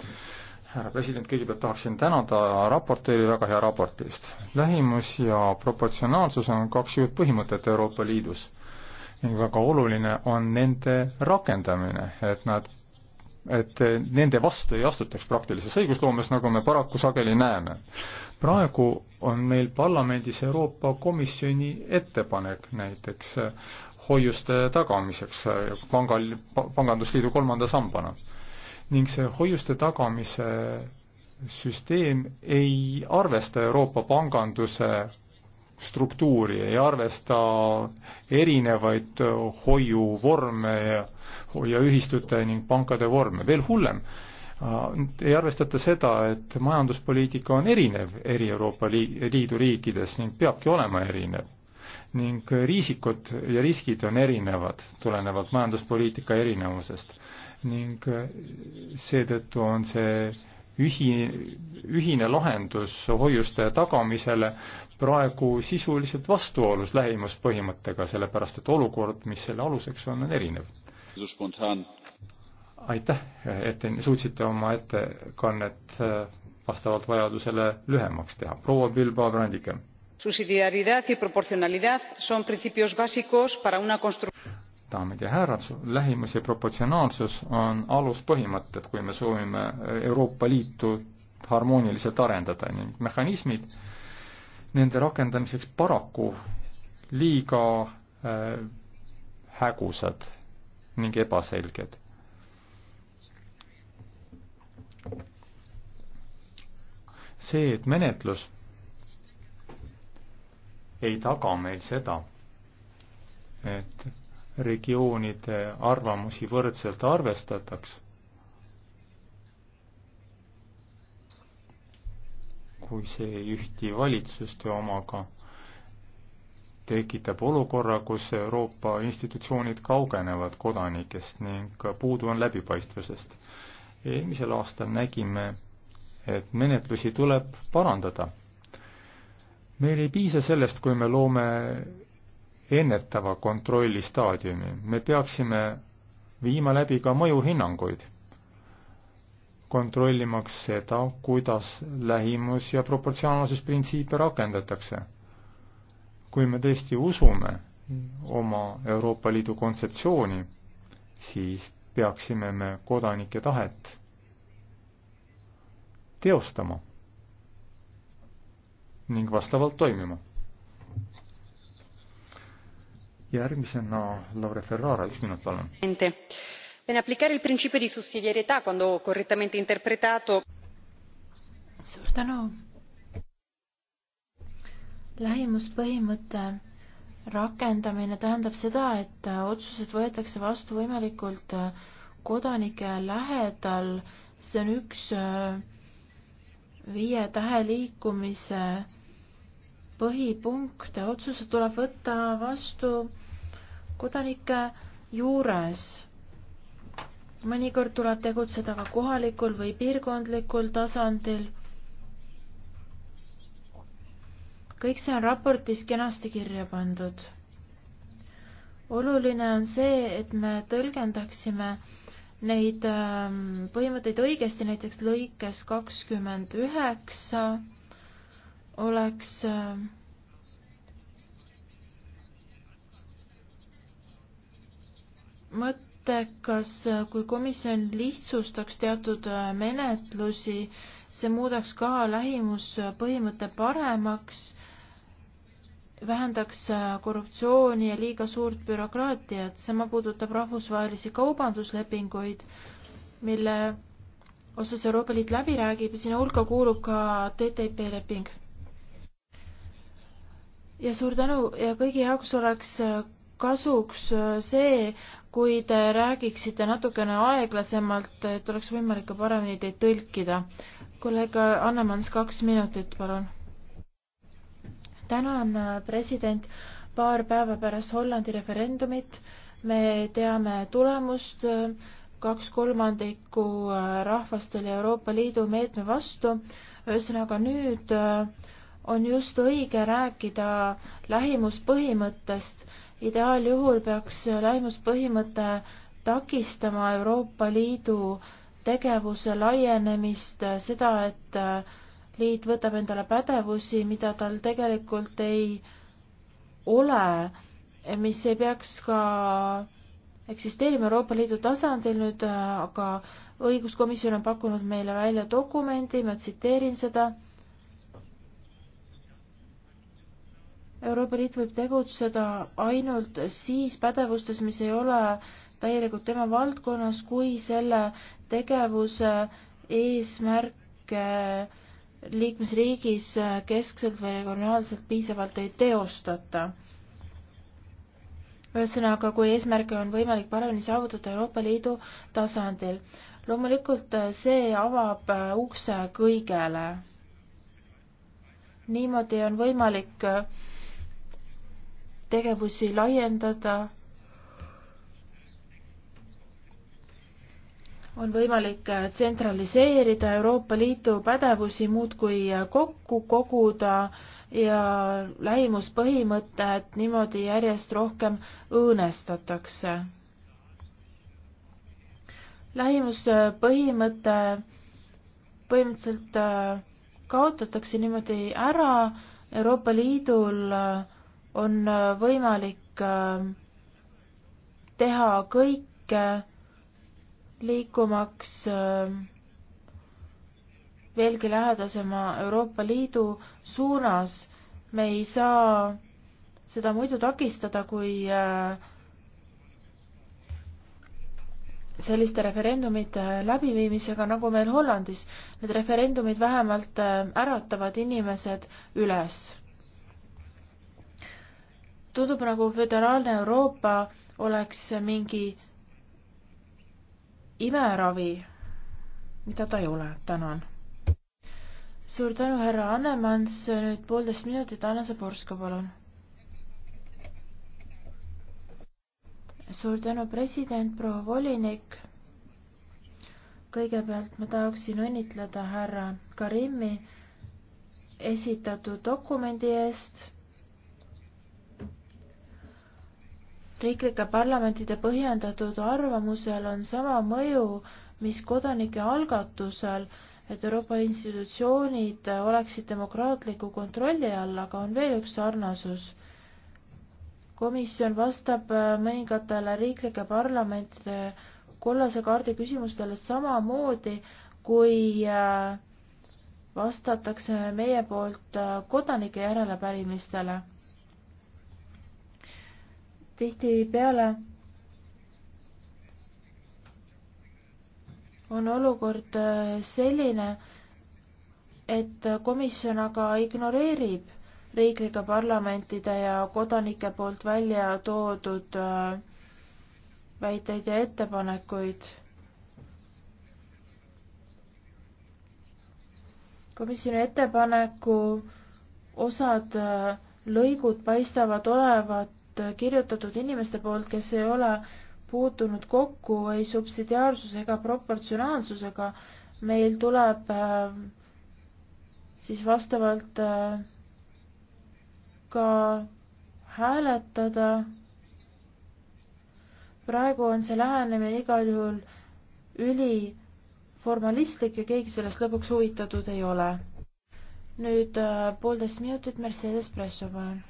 härra president, kõigepealt tahaksin tänada raportööri väga hea raporti eest. lähimus ja proportsionaalsus on kaks juht põhimõtet Euroopa Liidus ning väga oluline on nende rakendamine, et nad et nende vastu ei astutaks praktilises õigusloomes, nagu me paraku sageli näeme. praegu on meil parlamendis Euroopa Komisjoni ettepanek näiteks hoiuste tagamiseks pangal, pangandusliidu kolmanda sambana. ning see hoiuste tagamise süsteem ei arvesta Euroopa panganduse struktuuri, ei arvesta erinevaid äh, hoiuvorme ja hoiuühistute ning pankade vorme, veel hullem, äh, ei arvestata seda, et majanduspoliitika on erinev eri Euroopa Liidu riikides ning peabki olema erinev. ning riisikud ja riskid on erinevad, tulenevalt majanduspoliitika erinevusest. ning äh, seetõttu on see ühi-, ühine lahendus hoiuste tagamisele praegu sisuliselt vastuolus lähimuspõhimõttega, sellepärast et olukord, mis selle aluseks on, on erinev. aitäh, et suutsite oma ettekannet äh, vastavalt vajadusele lühemaks teha. proua Bilbao Brandike. Subsidiaridad y proporcionalidad son principios básicos para una construcción daamid ja härrad, lähimus ja proportsionaalsus on aluspõhimõtted, kui me soovime Euroopa Liitu harmooniliselt arendada ning mehhanismid, nende rakendamiseks paraku liiga äh, hägusad ning ebaselged. see, et menetlus ei taga meil seda, et regioonide arvamusi võrdselt arvestataks kui see ei ühti valitsuste omaga, tekitab olukorra, kus Euroopa institutsioonid kaugenevad kodanikest ning puudu on läbipaistvusest. eelmisel aastal nägime, et menetlusi tuleb parandada. meil ei piisa sellest, kui me loome ennetava kontrolli staadiumi, me peaksime viima läbi ka mõjuhinnanguid kontrollimaks seda, kuidas lähimus- ja proportsionaalsusprintsiipe rakendatakse. kui me tõesti usume oma Euroopa Liidu kontseptsiooni, siis peaksime me kodanike tahet teostama ning vastavalt toimima. järgmisena Laure Ferrara, üks minut palun applicare il principio di sussidiarietà quando correttamente interpretato lähimuspõhimõtte rakendamine tähendab seda, et otsused võetakse vastu võimalikult äh, kodanike lähedal. see on üks äh, viie tähe liikumise põhipunkte. otsused tuleb võtta vastu kodanike juures mõnikord tuleb tegutseda ka kohalikul või piirkondlikul tasandil. kõik see on raportis kenasti kirja pandud. oluline on see, et me tõlgendaksime neid ähm, põhimõtteid õigesti, näiteks lõikes kakskümmend üheksa oleks ähm, mõt-, mõttekas, kui komisjon lihtsustaks teatud äh, menetlusi, see muudaks ka lähimuspõhimõtte paremaks, vähendaks äh, korruptsiooni ja liiga suurt bürokraatiat, sama puudutab rahvusvahelisi kaubanduslepinguid, mille osas Euroopa Liit läbi räägib ja sinna hulka kuulub ka TTIP leping. ja suur tänu ja kõigi jaoks oleks äh, kasuks äh, see, kui te räägiksite natukene aeglasemalt, et oleks võimalik ka paremini teid tõlkida. kolleeg Annemans, kaks minutit, palun. tänan, äh, president. paar päeva pärast Hollandi referendumit me teame tulemust, kaks kolmandikku äh, rahvast oli Euroopa Liidu meetme vastu, ühesõnaga nüüd on just õige rääkida lähimuspõhimõttest ideaaljuhul peaks lähimuspõhimõte takistama Euroopa Liidu tegevuse laienemist, seda, et äh, liit võtab endale pädevusi, mida tal tegelikult ei ole, mis ei peaks ka eksisteerima Euroopa Liidu tasandil nüüd, äh, aga õiguskomisjon on pakkunud meile välja dokumendi, ma tsiteerin seda Euroopa Liit võib tegutseda ainult siis pädevustes, mis ei ole täielikult tema valdkonnas, kui selle tegevuse eesmärke eh, liikmesriigis eh, keskselt või regionaalselt piisavalt ei teostata. ühesõnaga, kui eesmärke on võimalik paremini saavutada Euroopa Liidu tasandil. loomulikult eh, see avab ukse kõigele. niimoodi on võimalik tegevusi laiendada. on võimalik tsentraliseerida Euroopa Liidu pädevusi muudkui kokku koguda ja lähimuspõhimõtet niimoodi järjest rohkem õõnestatakse. lähimuspõhimõte põhimõtteliselt kaotatakse niimoodi ära, Euroopa Liidul äh, on äh, võimalik äh, teha kõike liikumaks äh, veelgi lähedasema Euroopa Liidu suunas. me ei saa seda muidu takistada, kui selliste referendumite läbiviimisega, nagu meil Hollandis. Need referendumid vähemalt äratavad inimesed üles tundub nagu föderaalne Euroopa oleks mingi imeravi, mida ta ei ole, tänan. suur tänu, härra Annemans, nüüd poolteist minutit, Anna Zaborska, palun. suur tänu, president, proua volinik. kõigepealt ma tahaksin õnnitleda härra Karimi esitatud dokumendi eest riiklike parlamentide põhjendatud arvamusel on sama mõju, mis kodanike algatusel, et Euroopa institutsioonid oleksid demokraatliku kontrolli all, aga on veel üks sarnasus. komisjon vastab äh, mõningatele riiklike parlamentide kollase kaardi küsimustele samamoodi, kui äh, vastatakse meie poolt äh, kodanike järelepärimistele tihtipeale on olukord äh, selline, et komisjon aga ignoreerib riiklike parlamentide ja kodanike poolt välja toodud äh, väiteid ja ettepanekuid. komisjoni ettepaneku osad äh, lõigud paistavad olevat poolt äh, kirjutatud inimeste poolt, kes ei ole puutunud kokku ei subsidiaarsuse ega proportsionaalsusega. meil tuleb äh, siis vastavalt äh, ka hääletada. praegu on see lähenemine igal juhul üliformalistlik ja keegi sellest lõpuks huvitatud ei ole. nüüd äh, poolteist minutit Mercedes Presso, palun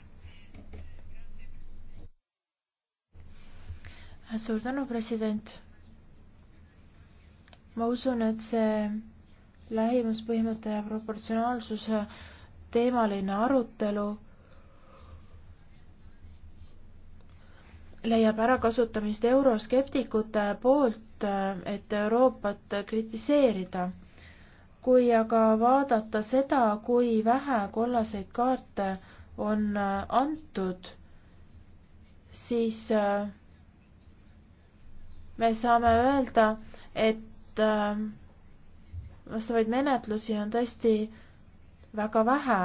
suur tänu, president. ma usun, et see lähimuspõhimõte ja proportsionaalsuse teemaline arutelu leiab ärakasutamist euroskeptikute poolt, et Euroopat kritiseerida. kui aga vaadata seda, kui vähe kollaseid kaarte on antud, siis äh, me saame öelda, et äh, vastavaid menetlusi on tõesti väga vähe.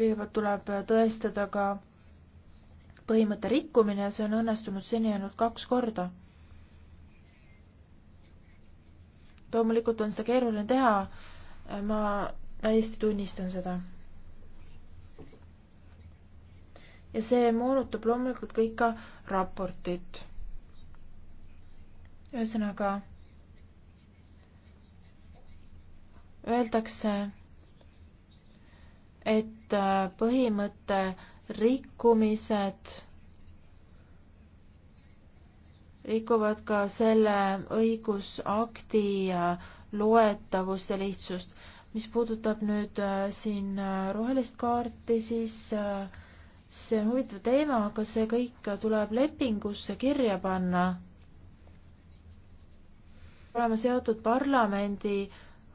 kõigepealt tuleb tõestada ka põhimõtte rikkumine ja see on õnnestunud seni ainult kaks korda. loomulikult on seda keeruline teha, ma täiesti tunnistan seda. ja see moonutab loomulikult kõik ka raportit ühesõnaga öeldakse, et äh, põhimõtte rikkumised rikuvad ka selle õigusakti äh, loetavust ja lihtsust. mis puudutab nüüd äh, siin rohelist kaarti, siis see on huvitav teema, aga see kõik tuleb lepingusse kirja panna oleme seotud parlamendi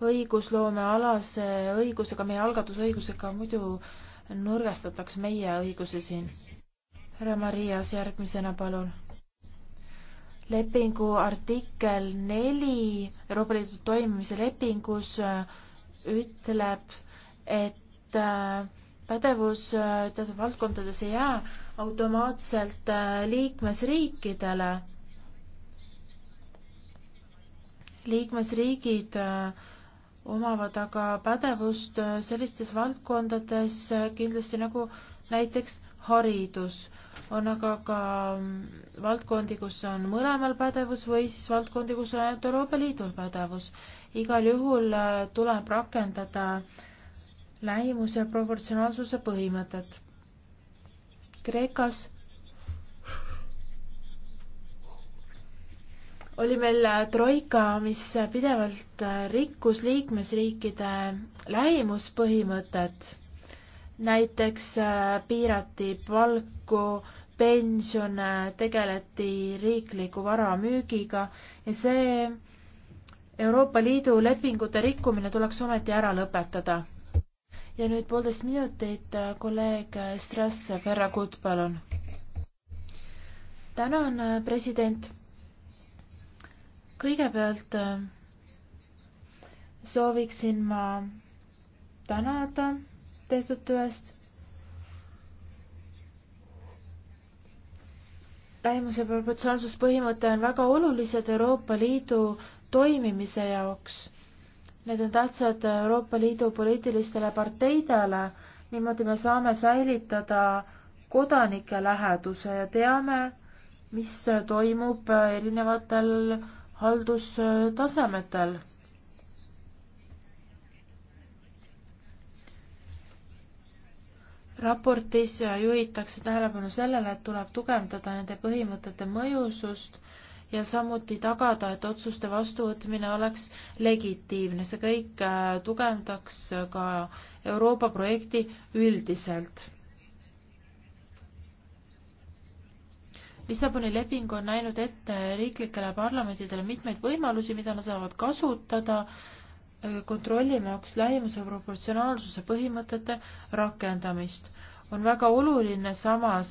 õigusloomealase õigusega, meie algatusõigusega, muidu nõrgestataks meie õigusi siin. härra Marias, järgmisena palun. lepingu artikkel neli Euroopa Liidu toimimise lepingus äh, ütleb, et äh, pädevus äh, teatud valdkondades ei jää automaatselt liikmesriikidele liikmesriigid äh, omavad aga pädevust äh, sellistes valdkondades äh, kindlasti nagu näiteks haridus. on aga ka mm, valdkondi, kus on mõlemal pädevus või siis valdkondi, kus on ainult Euroopa Liidul pädevus. igal juhul tuleb rakendada lähimus- ja proportsionaalsuse põhimõtet. Kreekas oli meil äh, troika, mis pidevalt äh, rikkus liikmesriikide lähimuspõhimõtet. näiteks äh, piirati palku, pensione, tegeleti riikliku vara müügiga ja see Euroopa Liidu lepingute rikkumine tuleks ometi ära lõpetada. ja nüüd poolteist minutit kolleeg Strasse Ferragut, palun. tänan, president kõigepealt äh, sooviksin ma tänada tehtud tööst. lähimuse proportsionaalsuspõhimõte on väga olulised Euroopa Liidu toimimise jaoks. Need on tähtsad Euroopa Liidu poliitilistele parteidele, niimoodi me saame säilitada kodanike läheduse ja teame, mis toimub erinevatel haldustasemetel. raportis juhitakse tähelepanu sellele, et tuleb tugevdada nende põhimõtete mõjusust ja samuti tagada, et otsuste vastuvõtmine oleks legitiimne. see kõik äh, tugevdaks ka Euroopa projekti üldiselt Lissaboni leping on näinud ette riiklikele parlamentidele mitmeid võimalusi, mida nad saavad kasutada, äh, kontrollimaks lähimuse proportsionaalsuse põhimõtete rakendamist. on väga oluline samas,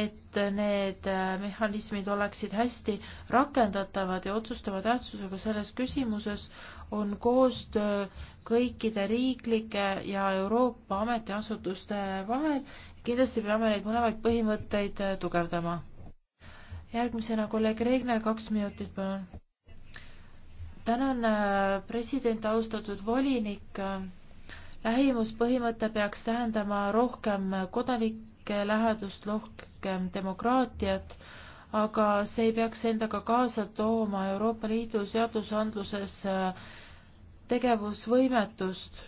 et need äh, mehhanismid oleksid hästi rakendatavad ja otsustava tähtsusega selles küsimuses on koostöö kõikide riiklike ja Euroopa ametiasutuste vahel. kindlasti peame neid mõlemaid põhimõtteid äh, tugevdama järgmisena kolleeg Regner, kaks minutit, palun. tänan, äh, president, austatud volinik. lähimuspõhimõte peaks tähendama rohkem kodanike lähedust, rohkem demokraatiat, aga see ei peaks endaga kaasa tooma Euroopa Liidu seadusandluses äh, tegevusvõimetust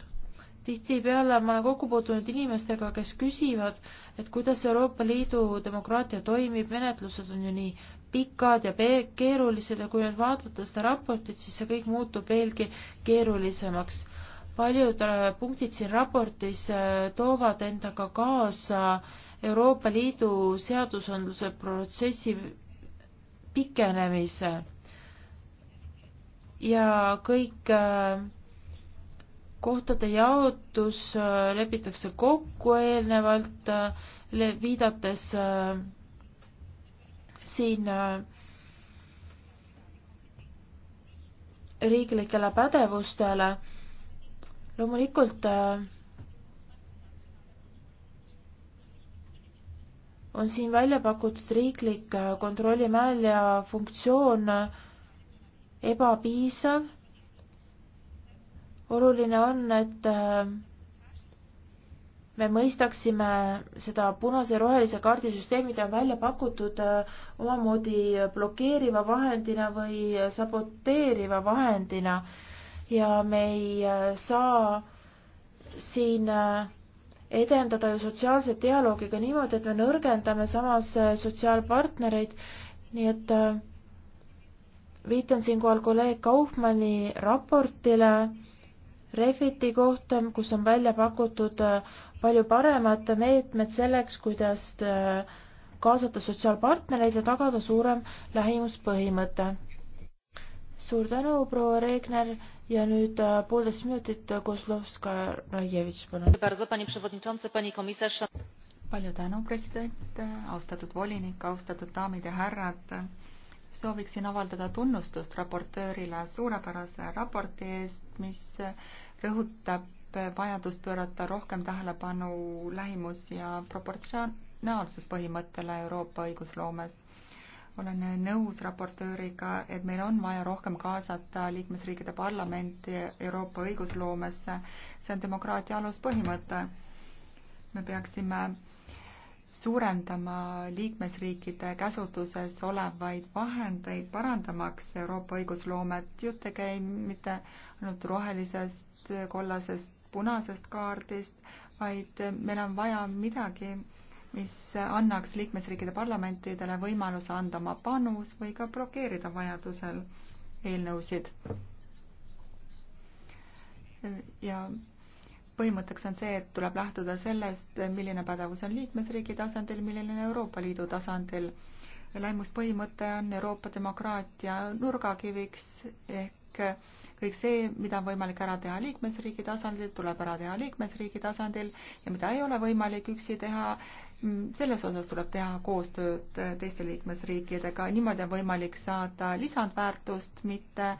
tihtipeale ma olen kokku puutunud inimestega, kes küsivad, et kuidas Euroopa Liidu demokraatia toimib, menetlused on ju nii pikad ja keerulised ja kui nüüd vaadata seda raportit, siis see kõik muutub veelgi keerulisemaks. paljud äh, punktid siin raportis äh, toovad endaga kaasa Euroopa Liidu seadusandluse protsessi pikenemise ja kõik äh, kohtade jaotus äh, lepitakse kokku eelnevalt, äh, viidates äh, siin riiklikele pädevustele. loomulikult on siin välja pakutud riiklik kontrollimäel ja funktsioon ebapiisav oluline on, et äh, me mõistaksime seda punase ja rohelise kaardisüsteemi, mida on välja pakutud äh, omamoodi blokeeriva vahendina või saboteeriva vahendina ja me ei äh, saa siin edendada ju sotsiaalset dialoogi ka niimoodi, et me nõrgendame samas sotsiaalpartnereid, nii et viitan siinkohal kolleeg Kaufmanni raportile Refiti kohta, kus on välja pakutud äh, palju paremad meetmed selleks, kuidas äh, kaasata sotsiaalpartnereid ja tagada suurem lähimuspõhimõte. suur tänu, proua Regner ja nüüd äh, poolteist minutit Kozlovskaja-Rajevitš, palun. palju tänu, president, austatud volinik, austatud daamid ja härrad. sooviksin avaldada tunnustust raportöörile suurepärase raporti eest, mis rõhutab vajadust pöörata rohkem tähelepanu lähimus- ja proportsionaalsuspõhimõttele Euroopa õigusloomes. olen nõus raportööriga, et meil on vaja rohkem kaasata liikmesriikide parlamenti Euroopa õigusloomesse. see on demokraatia aluspõhimõte. me peaksime suurendama liikmesriikide käsutuses olevaid vahendeid, parandamaks Euroopa õigusloomet. jutt ei käi mitte ainult rohelisest sellest kollasest, punasest kaardist, vaid meil on vaja midagi, mis annaks liikmesriikide parlamentidele võimaluse anda oma panus või ka blokeerida vajadusel eelnõusid. ja põhimõtteks on see, et tuleb lähtuda sellest, milline pädevus on liikmesriigi tasandil, milline on Euroopa Liidu tasandil. lähimuspõhimõte on Euroopa demokraatia nurgakiviks ehk kõik see, mida on võimalik ära teha liikmesriigi tasandil, tuleb ära teha liikmesriigi tasandil ja mida ei ole võimalik üksi teha, mm, selles osas tuleb teha koostööd äh, teiste liikmesriikidega, niimoodi on võimalik saada lisandväärtust, mitte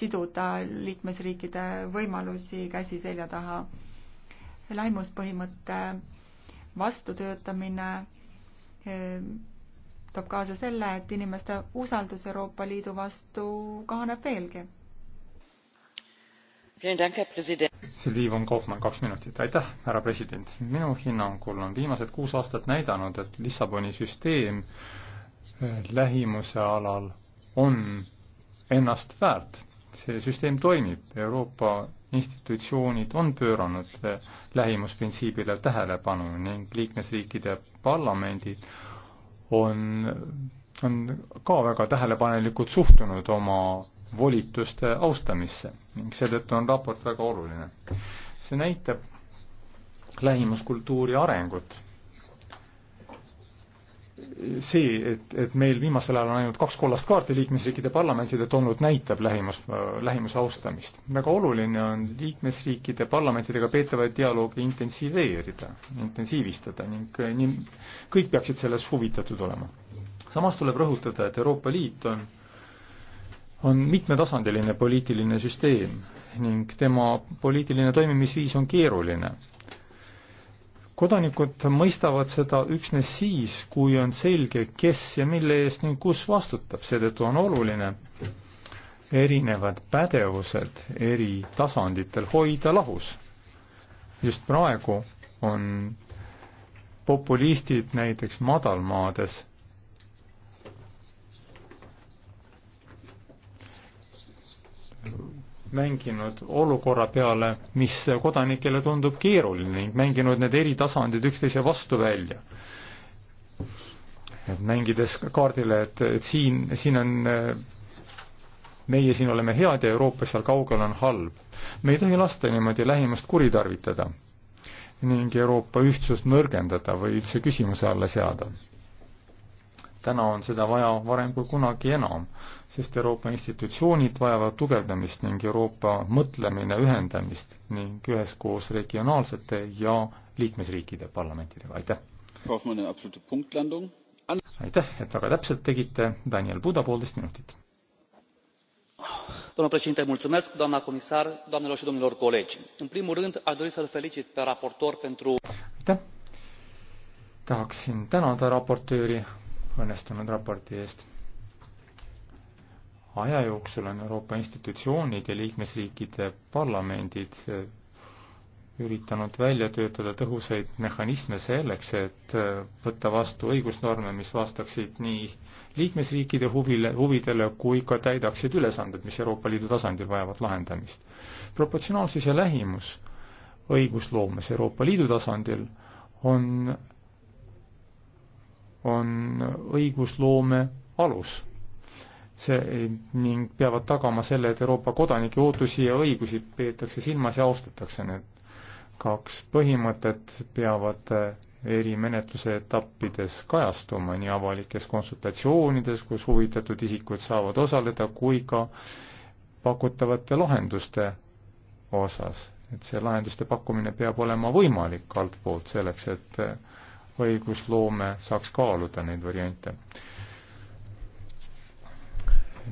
siduda liikmesriikide võimalusi käsi selja taha. laimuspõhimõtte vastutöötamine ähm, toob kaasa selle, et inimeste usaldus Euroopa Liidu vastu kahaneb veelgi. Liiv-Ann Kaufmann, kaks minutit. aitäh, härra president. minu hinnangul on viimased kuus aastat näidanud, et Lissaboni süsteem eh, lähimuse alal on ennast väärt. see süsteem toimib, Euroopa institutsioonid on pööranud eh, lähimusprintsiibile tähelepanu ning liikmesriikide parlamendid on, on ka väga tähelepanelikult suhtunud oma volituste austamisse ning seetõttu on raport väga oluline. see näitab lähimuskultuuri arengut. see, et, et meil viimasel ajal on ainult kaks kollast kaarti liikmesriikide parlamentidelt olnud, näitab lähimus, lähimuse austamist. väga oluline on liikmesriikide parlamentidega peetavaid dialoogi intensiiveerida, intensiivistada ning nii kõik peaksid selles huvitatud olema. samas tuleb rõhutada, et Euroopa Liit on on mitmetasandiline poliitiline süsteem ning tema poliitiline toimimisviis on keeruline. kodanikud mõistavad seda üksnes siis, kui on selge, kes ja mille eest ning kus vastutab, seetõttu on oluline erinevad pädevused eri tasanditel hoida lahus. just praegu on populistid näiteks madalmaades mänginud olukorra peale, mis kodanikele tundub keeruline ning mänginud need eri tasandid üksteise vastu välja. et mängides kaardile, et, et siin, siin on, meie siin oleme head ja Euroopa seal kaugel on halb. me ei tohi lasta niimoodi lähimast kuritarvitada ning Euroopa ühtsust nõrgendada või üldse küsimuse alla seada täna on seda vaja varem kui kunagi enam, sest Euroopa institutsioonid vajavad tugevdamist ning Euroopa mõtlemine ühendamist ning üheskoos regionaalsete ja liikmesriikide parlamentidega, aitäh! aitäh, et väga täpselt tegite, Daniel Buda, poolteist minutit. domnule președinte mulțumesc doamnă comisar doamnelor și domnilor colegi în primul rând aș dori să l felicit pe raportor pentru. aitäh! tahaksin tänada raportööri õnnestunud raporti eest. aja jooksul on Euroopa institutsioonid ja liikmesriikide parlamendid eh, üritanud välja töötada tõhusaid mehhanisme selleks, et eh, võtta vastu õigusnorme, mis vastaksid nii liikmesriikide huvile, huvidele kui ka täidaksid ülesanded, mis Euroopa Liidu tasandil vajavad lahendamist. proportsionaalsus ja lähimus õigusloomes Euroopa Liidu tasandil on on õigusloome alus. see ning peavad tagama selle, et Euroopa kodanike ootusi ja õigusi peetakse silmas ja austatakse. Need kaks põhimõtet peavad erimenetluse etappides kajastuma nii avalikes konsultatsioonides, kus huvitatud isikud saavad osaleda, kui ka pakutavate lahenduste osas. et see lahenduste pakkumine peab olema võimalik altpoolt selleks, et õigusloome saaks kaaluda neid variante.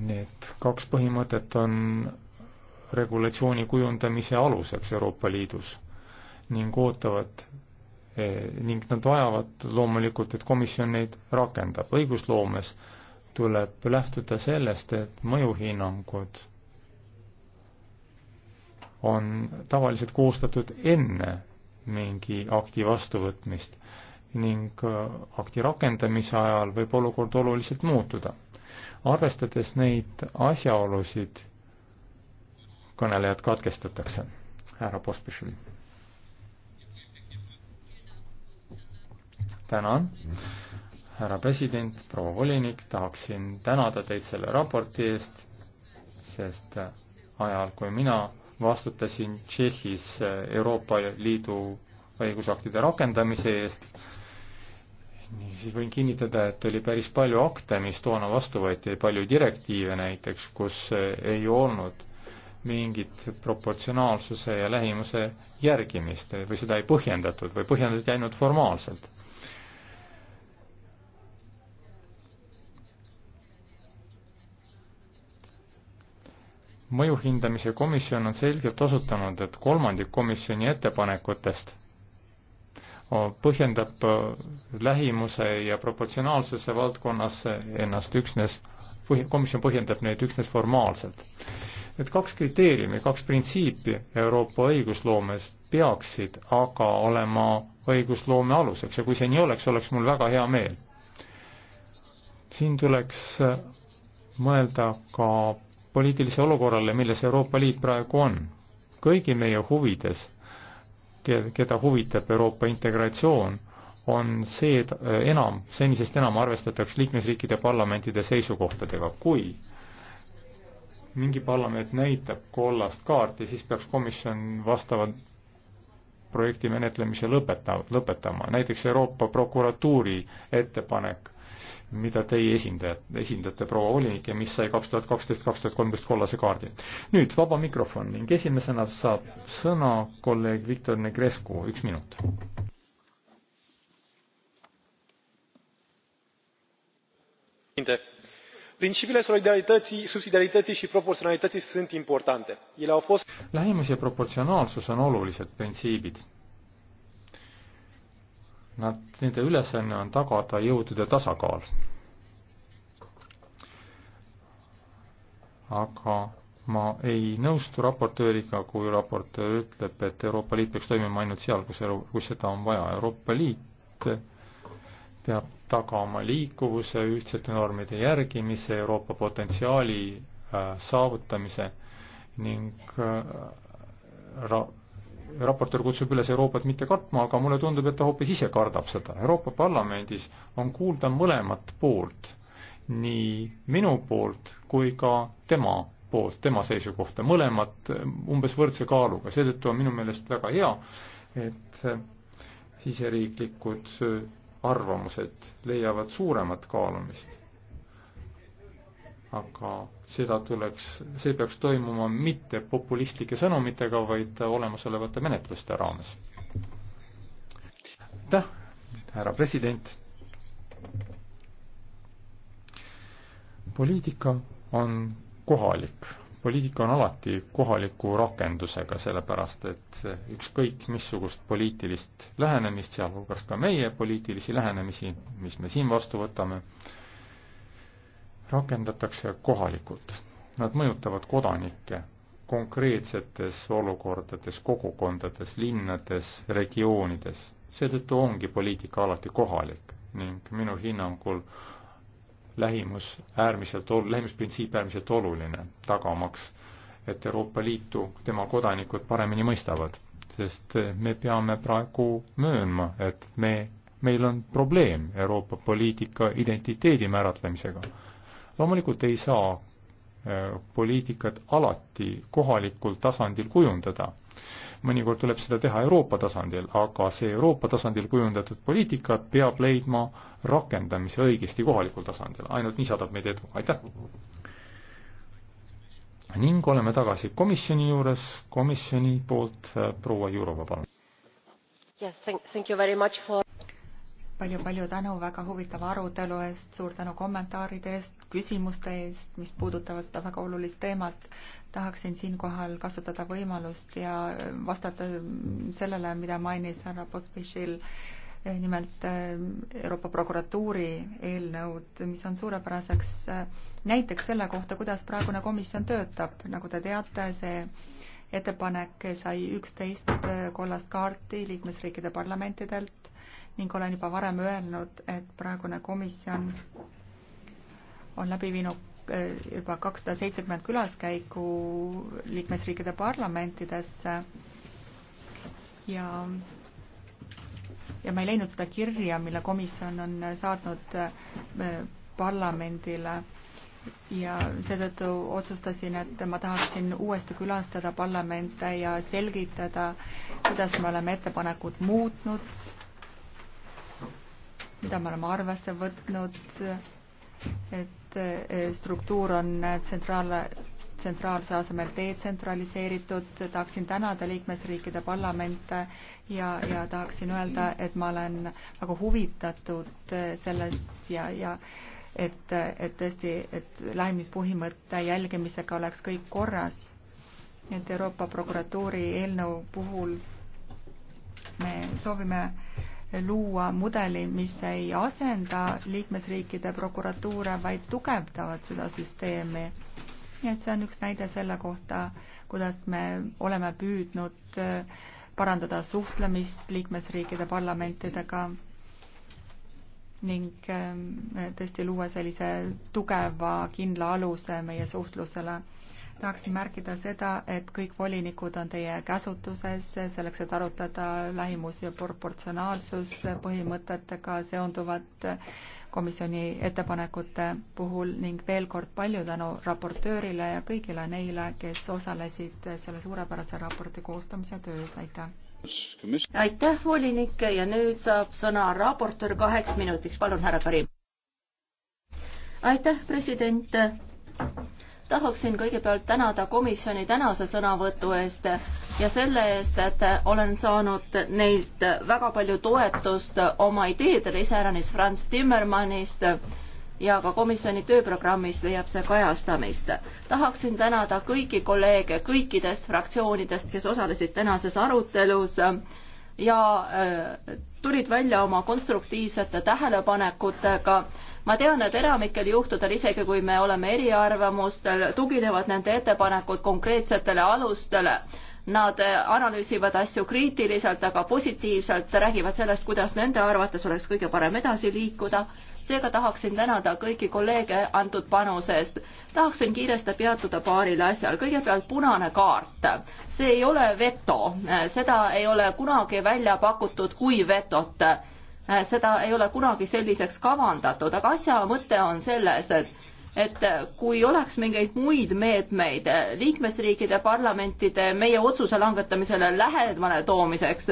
Need kaks põhimõtet on regulatsiooni kujundamise aluseks Euroopa Liidus ning ootavad eh, ning nad vajavad loomulikult, et komisjon neid rakendab. õigusloomes tuleb lähtuda sellest, et mõjuhinnangud on tavaliselt koostatud enne mingi akti vastuvõtmist ning äh, akti rakendamise ajal võib olukord oluliselt muutuda. arvestades neid asjaolusid, kõnelejad katkestatakse. härra Pospišil. tänan, härra president, proua volinik, tahaksin tänada teid selle raporti eest, sest äh, ajal, kui mina vastutasin Tšehhis äh, Euroopa Liidu õigusaktide rakendamise eest, nii, siis võin kinnitada, et oli päris palju akte, mis toona vastu võeti, palju direktiive näiteks, kus ei olnud mingit proportsionaalsuse ja lähimuse järgimist või seda ei põhjendatud või põhjendati ainult formaalselt. mõjuhindamise komisjon on selgelt osutanud, et kolmandik komisjoni ettepanekutest põhjendab äh, lähimuse ja proportsionaalsuse valdkonnas ennast üksnes, komisjon põhjendab neid üksnes formaalselt. Need kaks kriteeriumi, kaks printsiipi Euroopa õigusloomes peaksid aga olema õigusloome aluseks ja kui see nii oleks, oleks mul väga hea meel. siin tuleks äh, mõelda ka poliitilise olukorrale, milles Euroopa Liit praegu on. kõigi meie huvides keda huvitab Euroopa integratsioon, on see, et äh, enam, senisest enam arvestatakse liikmesriikide parlamentide seisukohtadega, kui mingi parlament näitab kollast kaarti, siis peaks komisjon vastavalt projekti menetlemise lõpeta, lõpetama, näiteks Euroopa prokuratuuri ettepanek mida teie esindajad, esindate, proua volinik, ja mis sai kaks tuhat kaksteist, kaks tuhat kolmteist kollase kaardi. nüüd vaba mikrofon ning esimesena saab sõna kolleeg Viktor Negrescu, üks minut. principiile solidarității subsidiarității și proporționalității sunt importante. ele au fost. lähimus ja proportsionaalsus on olulised printsiibid Nad, nende ülesanne on tagada jõudude tasakaal. aga ma ei nõustu raportööriga, kui raportöör ütleb, et Euroopa Liit peaks toimima ainult seal, kus, kus seda on vaja. Euroopa Liit peab tagama liikuvuse, ühtsete normide järgimise, Euroopa potentsiaali äh, saavutamise ning äh, ra-, raportöör kutsub üles Euroopat mitte kartma, aga mulle tundub, et ta hoopis ise kardab seda. Euroopa Parlamendis on kuulda mõlemat poolt, nii minu poolt kui ka tema poolt, tema seisukohta, mõlemad eh, umbes võrdse kaaluga, seetõttu on minu meelest väga hea, et eh, siseriiklikud eh, arvamused leiavad suuremat kaalumist aga seda tuleks, see peaks toimuma mitte populistlike sõnumitega, vaid olemasolevate menetluste raames. aitäh, härra president. poliitika on kohalik, poliitika on alati kohaliku rakendusega, sellepärast et ükskõik missugust poliitilist lähenemist, sealhulgas ka meie poliitilisi lähenemisi, mis me siin vastu võtame, rakendatakse kohalikult. Nad mõjutavad kodanikke konkreetsetes olukordades, kogukondades, linnades, regioonides. seetõttu ongi poliitika alati kohalik ning minu hinnangul lähimus äärmiselt ol-, lähimusprintsiip äärmiselt oluline, tagamaks, et Euroopa Liitu tema kodanikud paremini mõistavad. sest me peame praegu möönma, et me, meil on probleem Euroopa poliitika identiteedi määratlemisega loomulikult ei saa äh, poliitikat alati kohalikul tasandil kujundada. mõnikord tuleb seda teha Euroopa tasandil, aga see Euroopa tasandil kujundatud poliitika peab leidma rakendamise õigesti kohalikul tasandil, ainult nii saadab meid edu, aitäh! ning oleme tagasi komisjoni juures, komisjoni poolt äh, proua Jurova, palun yes,. For palju-palju tänu väga huvitava arutelu eest, suur tänu kommentaaride eest, küsimuste eest, mis puudutavad seda väga olulist teemat. tahaksin siinkohal kasutada võimalust ja vastata sellele, mida mainis härra Postbišil, nimelt eh, Euroopa prokuratuuri eelnõud, mis on suurepäraseks eh, näiteks selle kohta, kuidas praegune komisjon töötab, nagu te teate, see ettepanek sai üksteist eh, kollast kaarti liikmesriikide parlamentidelt ning olen juba varem öelnud, et praegune komisjon on läbi viinud eh, juba kakssada seitsekümmend külaskäiku liikmesriikide parlamentidesse ja ja ma ei leidnud seda kirja, mille komisjon on saatnud eh, parlamendile ja seetõttu otsustasin, et ma tahaksin uuesti külastada parlamente ja selgitada, kuidas me oleme ettepanekut muutnud mida me oleme arvesse võtnud, et struktuur on tsentraal, tsentraalse asemel detsentraliseeritud, tahaksin tänada liikmesriikide parlamente ja, ja tahaksin öelda, et ma olen väga huvitatud sellest ja, ja et, et tõesti, et lähimispõhimõtte jälgimisega oleks kõik korras. et Euroopa prokuratuuri eelnõu puhul me soovime äh, luua mudeli, mis ei asenda liikmesriikide prokuratuure, vaid tugevdavad seda süsteemi. nii et see on üks näide selle kohta, kuidas me oleme püüdnud eh, parandada suhtlemist liikmesriikide parlamentidega ning eh, tõesti luua sellise tugeva, kindla aluse meie suhtlusele tahaksin märkida seda, et kõik volinikud on teie käsutuses selleks, et arutada lähimus- ja proportsionaalsuspõhimõtetega seonduvat komisjoni ettepanekute puhul ning veel kord palju tänu raportöörile ja kõigile neile, kes osalesid selle suurepärase raporti koostamise töös, aitäh! aitäh, volinik, ja nüüd saab sõna raportöör kaheks minutiks, palun, härra Karim! aitäh, president! tahaksin kõigepealt tänada komisjoni tänase sõnavõtu eest ja selle eest, et olen saanud neilt väga palju toetust oma ideedele, iseäranis Franz Timmermannist ja ka komisjoni tööprogrammis leiab see kajastamist. tahaksin tänada kõiki kolleege kõikidest fraktsioonidest, kes osalesid tänases arutelus ja äh, tulid välja oma konstruktiivsete tähelepanekutega. ma tean, et enamikel juhtudel, isegi kui me oleme eriarvamustel, tuginevad nende ettepanekud konkreetsetele alustele. Nad äh, analüüsivad asju kriitiliselt, aga positiivselt, räägivad sellest, kuidas nende arvates oleks kõige parem edasi liikuda seega tahaksin tänada kõiki kolleege antud panuse eest. tahaksin kiiresti peatuda paaril asjal. kõigepealt punane kaart. see ei ole veto, seda ei ole kunagi välja pakutud kui vetot. seda ei ole kunagi selliseks kavandatud, aga asja mõte on selles, et et kui oleks mingeid muid meetmeid liikmesriikide parlamentide meie otsuse langetamisele lähemale toomiseks,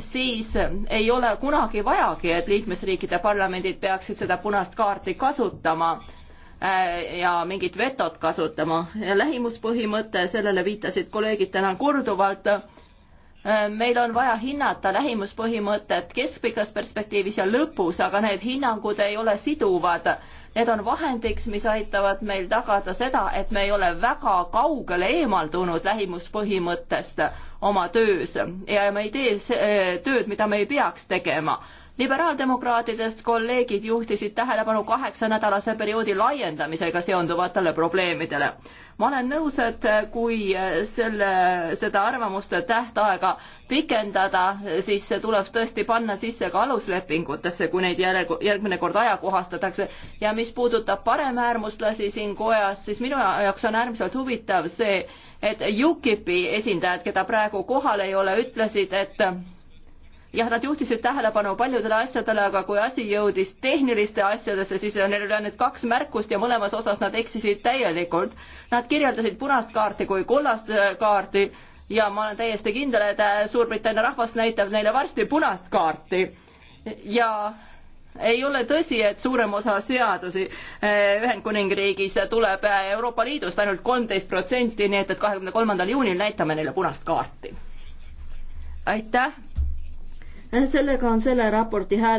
siis eh, ei ole kunagi vajagi, et liikmesriikide parlamendid peaksid seda punast kaarti kasutama eh, ja mingit vetot kasutama. lähimuspõhimõte, sellele viitasid kolleegid täna korduvalt Äh, meil on vaja hinnata lähimuspõhimõtet keskpikas perspektiivis ja lõpus, aga need hinnangud ei ole siduvad. Need on vahendiks, mis aitavad meil tagada seda, et me ei ole väga kaugele eemaldunud lähimuspõhimõttest oma töös ja me ei tee äh, tööd, mida me ei peaks tegema liberaaldemokraatidest kolleegid juhtisid tähelepanu kaheksanädalase perioodi laiendamisega seonduvatele probleemidele. ma olen nõus, et kui selle, seda arvamuste tähtaega pikendada, siis see tuleb tõesti panna sisse ka aluslepingutesse, kui neid järg, järgmine kord ajakohastatakse. ja mis puudutab paremäärmuslasi siin kojas, siis minu jaoks on äärmiselt huvitav see, et UKIP-i esindajad, keda praegu kohal ei ole, ütlesid, et jah, nad juhtisid tähelepanu paljudele asjadele, aga kui asi jõudis tehniliste asjadesse, siis neil oli ainult kaks märkust ja mõlemas osas nad eksisid täielikult. Nad kirjeldasid punast kaarti kui kollast äh, kaarti ja ma olen täiesti kindel, et äh, Suurbritannia rahvas näitab neile varsti punast kaarti. ja ei ole tõsi, et suurem osa seadusi äh, Ühendkuningriigis tuleb Euroopa Liidust ainult kolmteist protsenti, nii et, et kahekümne kolmandal juunil näitame neile punast kaarti. aitäh sellega on selle raporti hääletamine lõppenud.